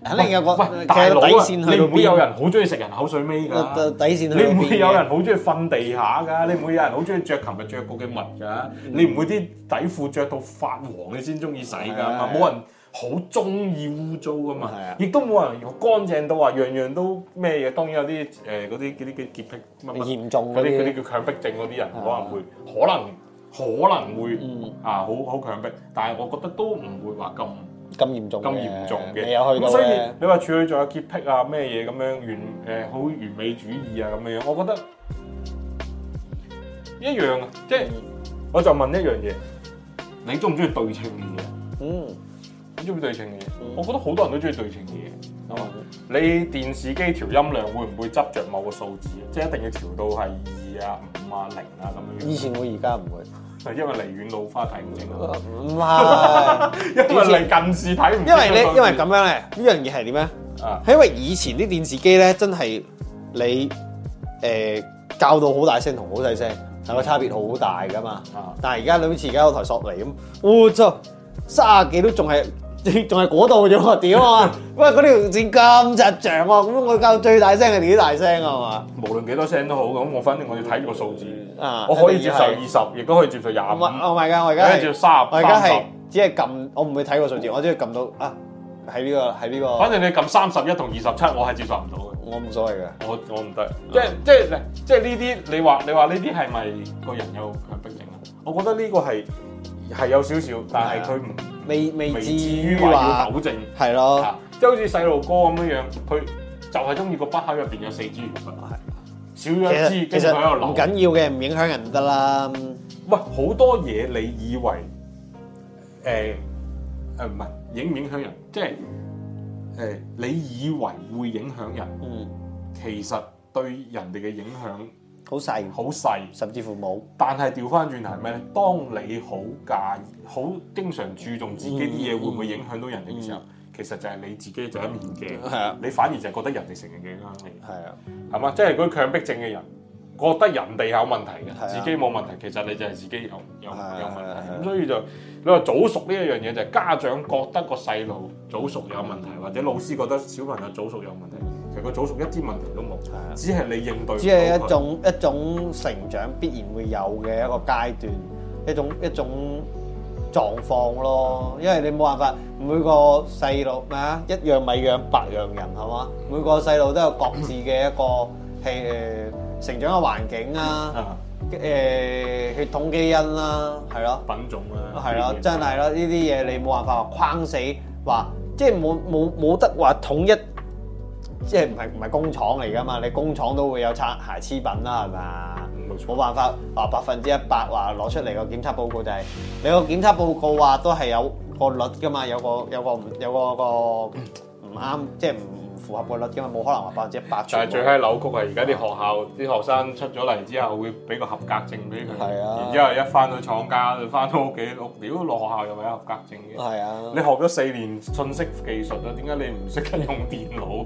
S1: 肯定有個喂大佬啊！你唔會有人好中意食人口水尾㗎，底線你唔會有人好中意瞓地下㗎，嗯、你唔會有人好中意着琴日着過嘅襪㗎，嗯、你唔會啲底褲着到發黃你先中意洗㗎，冇、嗯、人好中意污糟㗎嘛，亦、嗯啊、都冇人乾淨到話樣樣都咩嘢，當然有啲誒嗰啲啲嘅潔癖嚴重嗰啲啲叫強迫症嗰啲人，、啊、人，人可能會，、啊、可，能會可能。可能會、嗯、啊，好好強迫，但係我覺得都唔會話咁咁嚴重、咁嚴重嘅。未有去到、嗯、所以你話處女座有潔癖啊，咩嘢咁樣完誒好完美主義啊咁樣，我覺得一樣啊。即係、嗯、我就問一樣嘢，你中唔中意對稱嘅嘢？嗯，你中唔中意對稱嘅嘢？我覺得好多人都中意對稱嘅嘢，你電視機調音量會唔會執着某個數字？即係一定要調到係。啊，五萬零啊，咁樣。以前我而家唔會，係 因為離遠老花睇唔清。唔係，因為你近視睇唔。因為你因為
S2: 咁樣咧，呢樣嘢係點咧？啊，係因為以前啲電視機咧，真係你誒教到好大聲同好細聲，係個差別好大㗎嘛。啊但，但係而家你好似而家有台索尼咁，我、哦、操，卅幾都仲係。仲係嗰度啫喎，點啊？喂，嗰條線咁直長喎，咁我夠最大聲係幾大聲啊？係嘛？無論幾多聲都好，咁我反正我要睇個數字，我可以接受二十，
S1: 亦都可以接受廿五，唔
S2: 係唔係㗎，我而家接三而家係只係撳，我唔會睇個數字，我只要撳到
S1: 啊，喺呢個喺呢個。反正你撳三十一同二十七，我係接受唔到嘅。我唔所謂嘅，我我唔得。即即即係呢啲，你話你話呢啲係咪個人有強迫症啊？我覺得呢個係係有少少，但係佢唔。未未至於話要糾正，係咯的，即係好似細路哥咁樣樣，佢就係中意個筆盒入邊有四支 G 嘅筆的，少咗一支，其實唔緊
S2: 要嘅，唔影響人得啦。喂，
S1: 好多嘢，你以為誒誒唔係影唔影響人？即係是誒、呃，你以為會影響人？嗯，其實對人哋嘅影響。好細，好細，甚至乎冇。但係調翻轉頭係咩咧？當你好介意，好經常注重自己啲嘢，嗯、會唔會影響到人哋嘅時候？嗯、其實就係你自己就一面鏡。係啊、嗯，你反而就係覺得人哋成日鏡啱你。係啊、嗯，係嘛吧，即係嗰啲強迫症嘅人，覺得人哋有問題嘅，嗯、自己冇問題。其實你就係自己有有有問題。咁、嗯、所以就你話早熟呢一樣嘢，就係、家長覺得個細路早熟有問題，或者老師覺得小朋友早熟有問題。個早熟一啲問題都冇，只係你應對。只係一種
S2: 一種成長必然會有嘅一個階段，一種一種狀況咯。因為你冇辦法，每個細路咩啊，一樣米養百樣人，係嘛？每個細路都有各自嘅一個係成長嘅環境啦，誒，血統基因啦，係咯，品種啦，係咯，真係咯，呢啲嘢你冇辦法話框死，話即係冇冇冇得話統一。即係唔係，唔係工廠嚟噶嘛？你工廠都會有瑕疵品啦，係咪？冇冇錯辦法話百分之一百話攞出嚟個檢測報告就係、是、你個檢測報告話都係有個率噶嘛？有個有個有個有個唔啱，嗯、即係唔符合個率嘅嘛？冇可能話百分之一百。但係最閪扭曲係而家啲學
S1: 校啲、啊、學生出咗嚟之後會俾個合格證俾佢，啊、然之後一翻到廠家就翻到屋企，屌落學校又咪有合格證嘅？係啊！你學咗四年信
S2: 息技術啊，點解你唔識得用電腦？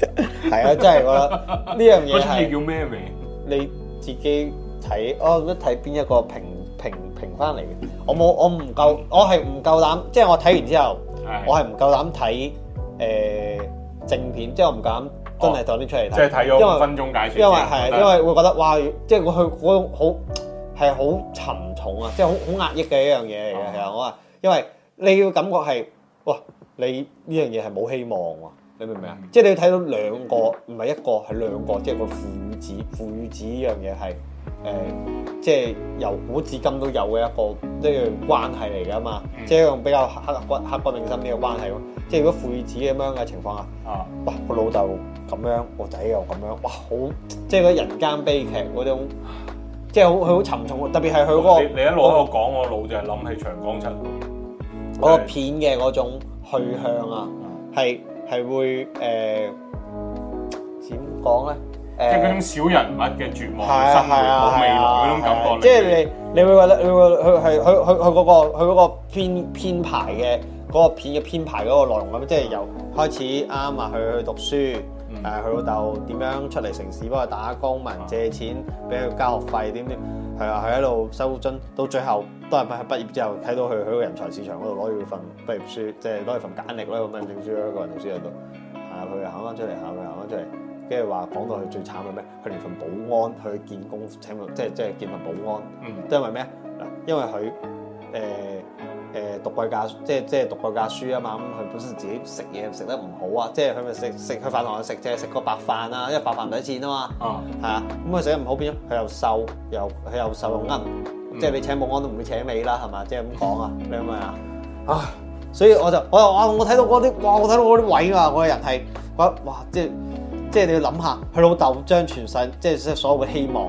S1: 係啊，真係我覺得呢樣嘢係叫咩
S2: 名？你自己睇哦，都睇邊一個評評評翻嚟嘅。我冇，我唔夠，的我係唔夠膽，即係我睇完之後，的我係唔夠膽睇誒正片，即係我唔敢真係當啲出嚟睇琴。即係睇咗五分鐘解說，因為係，但 因為會覺得哇，即係我佢我好係好沉重啊，即係好好壓抑嘅一樣嘢嚟嘅。其實我話，因為你要感覺係哇，你呢樣嘢係冇希望。你明唔明啊？即係你要睇到兩個，唔係一個，係兩個，嗯、即係個父與子。父與子呢樣嘢係誒，即係由古至今都有嘅一個呢樣關係嚟噶嘛。嗯、即係一種比較刻骨刻骨銘心呢個關係咯。即係如果父子咁樣嘅情況下，啊、哇，個老豆咁樣，個仔又咁樣，哇，好，即係嗰人間悲劇嗰種，即係好，佢好沉重。特別係佢嗰個你，你一攞我講我老，就係諗起長江七號，就係、個片嘅嗰種去向啊，係。係會誒，點講咧？即係嗰種小人
S1: 物嘅絕望，係啊，係啊，冇未來嗰種感覺。即係你
S2: 你會覺得，你會佢係佢佢佢個佢個編編排嘅嗰個片嘅編排嗰個內容咁，即係由開始啱啊，佢去讀書，誒，佢老豆點樣出嚟城市幫佢打工，問借錢俾佢交學費，點點，係啊，佢喺度收租，到最後。都係畢畢業之後睇到佢喺個人才市場嗰度攞住份畢業書，即係攞住份簡歷，攞住個咩證書，攞個文憑書喺度。嚇佢又行翻出嚟，行佢行翻出嚟，跟住話講到佢最慘係咩？佢連份保安，佢見工請，即係即係見份保安，都係為咩嗱，因為佢誒誒讀貴價，即係即係讀貴價書啊嘛。咁佢本身自己食嘢食得唔好啊，即係佢咪食食去飯堂食，即係食個白飯啊，因為白飯唔使錢啊嘛。啊，係啊，咁佢食得唔好變咗，佢又瘦，又佢又瘦又奀。即係你請保安都唔會請你啦，係嘛？即係咁講啊，你明唔明啊？啊，所以我就我話我睇到嗰啲，哇！我睇到嗰啲位啊，我個人係覺得哇，即係即係你要諗下，佢老豆將全世即係所有嘅希望，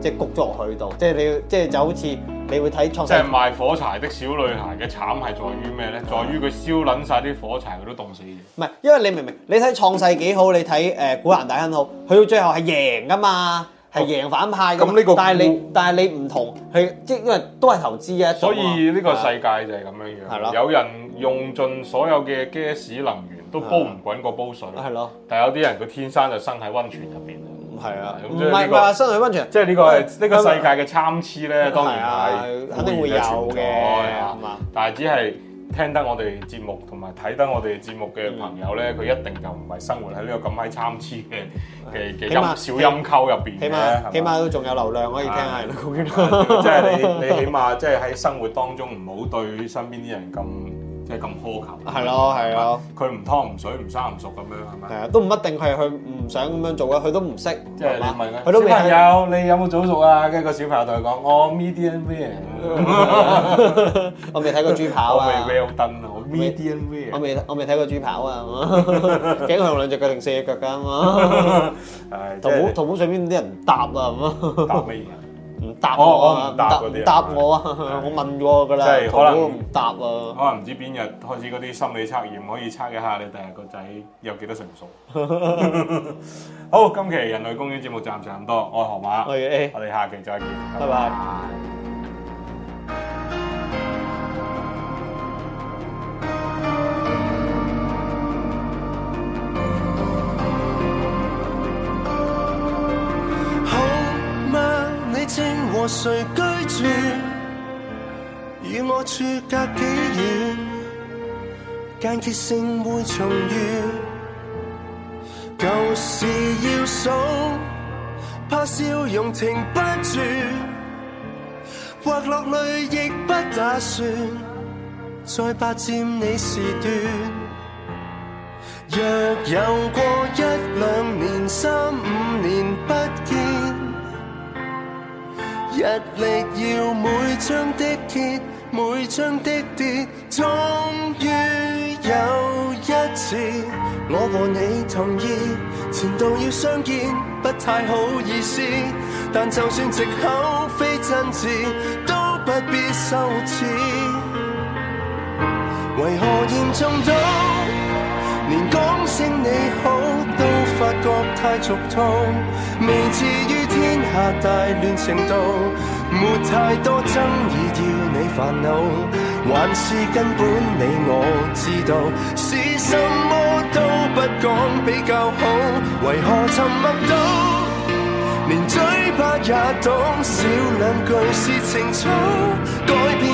S2: 即係焗咗落去度，即係你要即係就好似你會睇創世，即係賣
S1: 火柴的小女孩嘅慘係在於咩咧？的在於佢燒撚晒啲火柴，佢都凍死
S2: 嘅。唔係，因為你明唔明？你睇創世幾好，你睇誒、呃、古蘭大亨好，佢到最後係贏噶嘛？係贏反派嘅，但係你但係你唔同，係即係都係投資嘅一種。所以呢個世界就係咁樣
S1: 樣。係咯，有人用盡所有嘅 gas 能源都煲唔滾個煲水。係咯。但係有啲人佢天生就生喺溫泉入邊。係啊，唔係唔係生喺
S2: 溫泉。即係呢個呢個世界嘅
S1: 參差咧，當然係肯定會有嘅。係嘛，但係只係。聽得我哋節目同埋睇得我哋節目嘅朋友咧，佢、嗯、一定就唔係生活喺呢個咁閪參差嘅嘅嘅音小音溝入邊嘅，係嘛？起碼起碼都仲有流
S2: 量可以聽下，即係你你起碼
S1: 即係喺生活當中唔好對身邊啲人咁。即係咁苛求，係咯係咯，
S2: 佢唔湯唔水唔生唔熟咁樣係咪？係啊，都唔一定係佢唔想咁樣做嘅，佢都唔識。即係你問佢小朋友，你有冇早熟啊？跟住個小朋友同佢講，oh, medium
S1: 我 medium rare 我未睇過豬跑啊，我、well、done，我沒
S2: medium rare，我未我未睇過豬跑啊，佢 用兩隻腳定四隻腳㗎、啊、嘛？唉， 淘寶淘寶上邊啲人搭答啊，唔 啊，答乜嘢？答我、哦、答嗰答我啊！的我問過噶啦，可能唔
S1: 答啊。可能唔知邊日開始嗰啲心理測驗，可以測一下你第日個仔有幾多成熟。
S2: 好，
S1: 今期人類公園節目暫時咁多，我係何馬，的我哋下期再見，拜拜。好
S5: 嗎？你和誰居住？與我處隔幾遠？間歇性會重遇，舊事要數，怕笑容停不住，或落淚亦不打算再霸佔你時段。若有過一兩年、三五年不見。日曆要每張的跌，每張的跌，終於有一次，我和你同意，前度要相見，不太好意思，但就算藉口非真摯，都不必羞恥。為何嚴重到連個稱你好，都發覺太俗套。未至於天下大亂程度，沒太多爭議要你煩惱，還是根本你我知道，是什麼都不講比較好。為何沉默到連嘴巴也懂，少兩句是情操改變。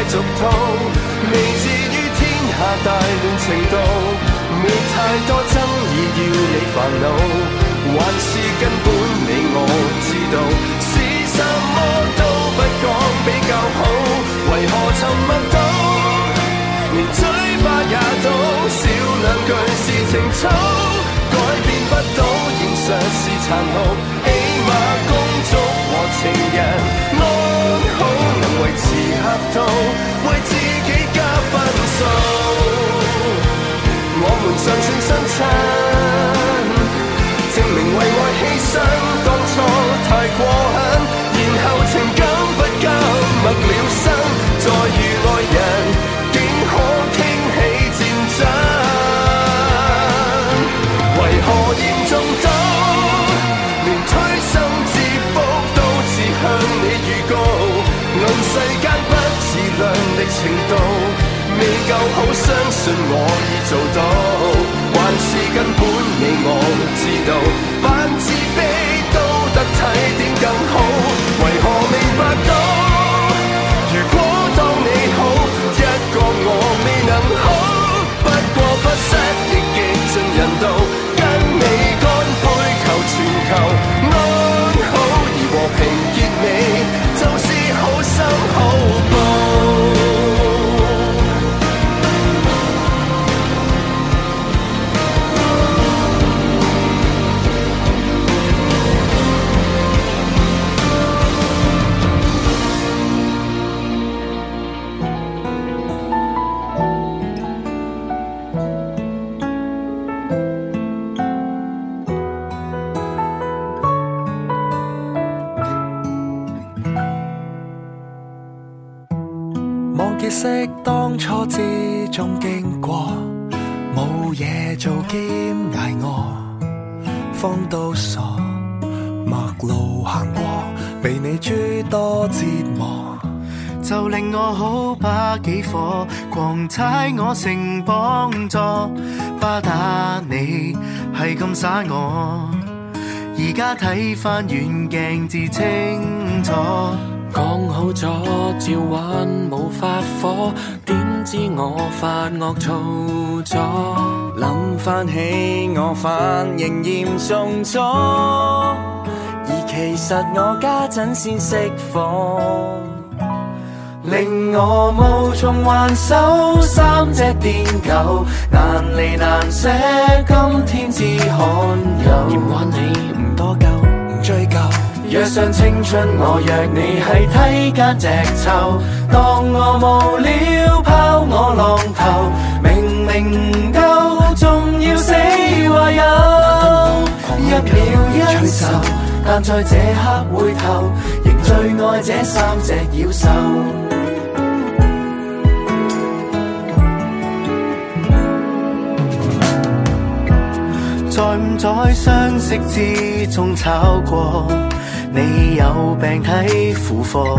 S5: 繼續痛，未至於天下大亂程度，沒太多爭議要你煩惱，還是根本你我知道，是什麼都不講比較好，為何沉默到連嘴巴也都少兩句是情操，改變不到，現實是殘酷，起碼工作和情人。為自己加分數，我們尚算相襯，證明為愛犧牲，當初太過狠。夠好相信我已做到，還是根本你我知道，扮自卑都得體點更好，為何未明白到？如果當你好，一個我未能好，不過不失亦極盡人道，跟你乾杯求全球安好，而和平結尾就是好心。經過冇嘢做，兼挨餓，荒到傻，陌路行過，被你諸多折磨， 就令我好把幾火，狂猜我成幫助巴打，你係咁耍我，而家睇翻遠鏡至清楚， 講好咗照玩冇發火。知我發惡吐咗，諗翻起我反應嚴重咗，而其實我家陣先熄火，令我無從還手。三隻癲狗難離難捨，今天至罕有。嫌玩你唔多夠，唔追究。若想青春，我約你喺梯間隻抽。當我無聊拋我浪頭，明明唔夠仲要，死或有。一秒一愁。但在這刻回頭，亦最愛這三隻妖獸。在五載相識之中吵過，你有病體負貨。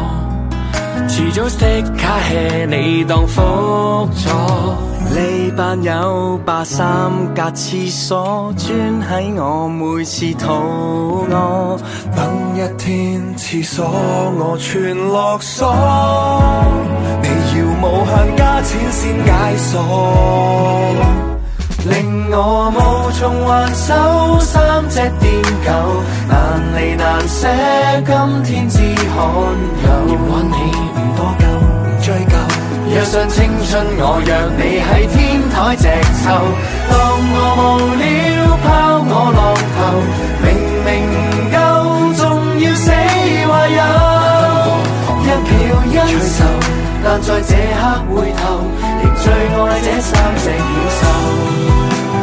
S5: 遲早的卡 h 你當輔助， 你班友把三格廁所，專喺我每次肚餓， 等一天廁所我全落鎖，你要無限加錢先解鎖。令我無從還手，三隻癲狗難離難捨。今天只罕有。厭玩你唔多久，追究。若上青春，我讓你喺天台直抽。當我無聊，拋我浪頭。明明唔夠，仲要死話有。一秒一愁，酒但在這刻回頭，仍最愛這三隻野獸。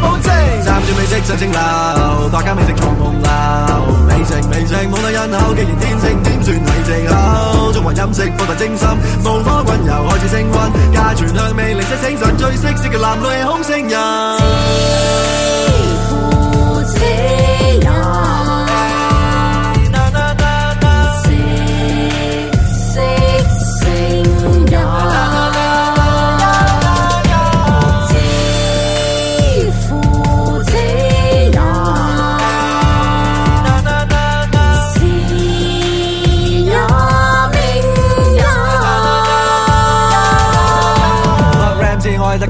S3: 保證，攢住美食就蒸流。百家美食創風流。美食美食冇得人口，既然天性，點算係藉口？中華飲食博大精深，五花八門又開始升溫，家傳香味零舍醒神最識食嘅男女係孔聖人。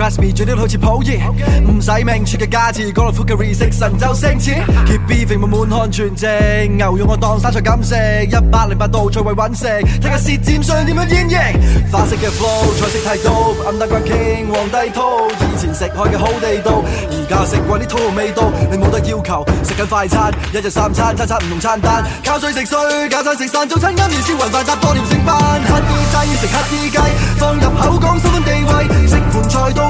S3: Trust me，最啲好似普洱，唔使名廚嘅價錢。乾來苦嘅肉食，神州星錢。Keep beef，目滿漢全席，牛肉我當生菜咁食。一百零八度在為揾食，睇下舌尖上點樣演繹。花式嘅 flow，菜式太多，暗帶貴 King，皇帝兔。以前食開嘅好地道，而家食過啲土豪味道。你冇得要求，食緊快餐，一日三餐，餐餐唔同餐單。靠水食水，搞餐食飯，早餐加麵焦雲飯，雜多點勝飯。乞衣雞要食乞衣雞，放入口講身份地位，食盤菜多。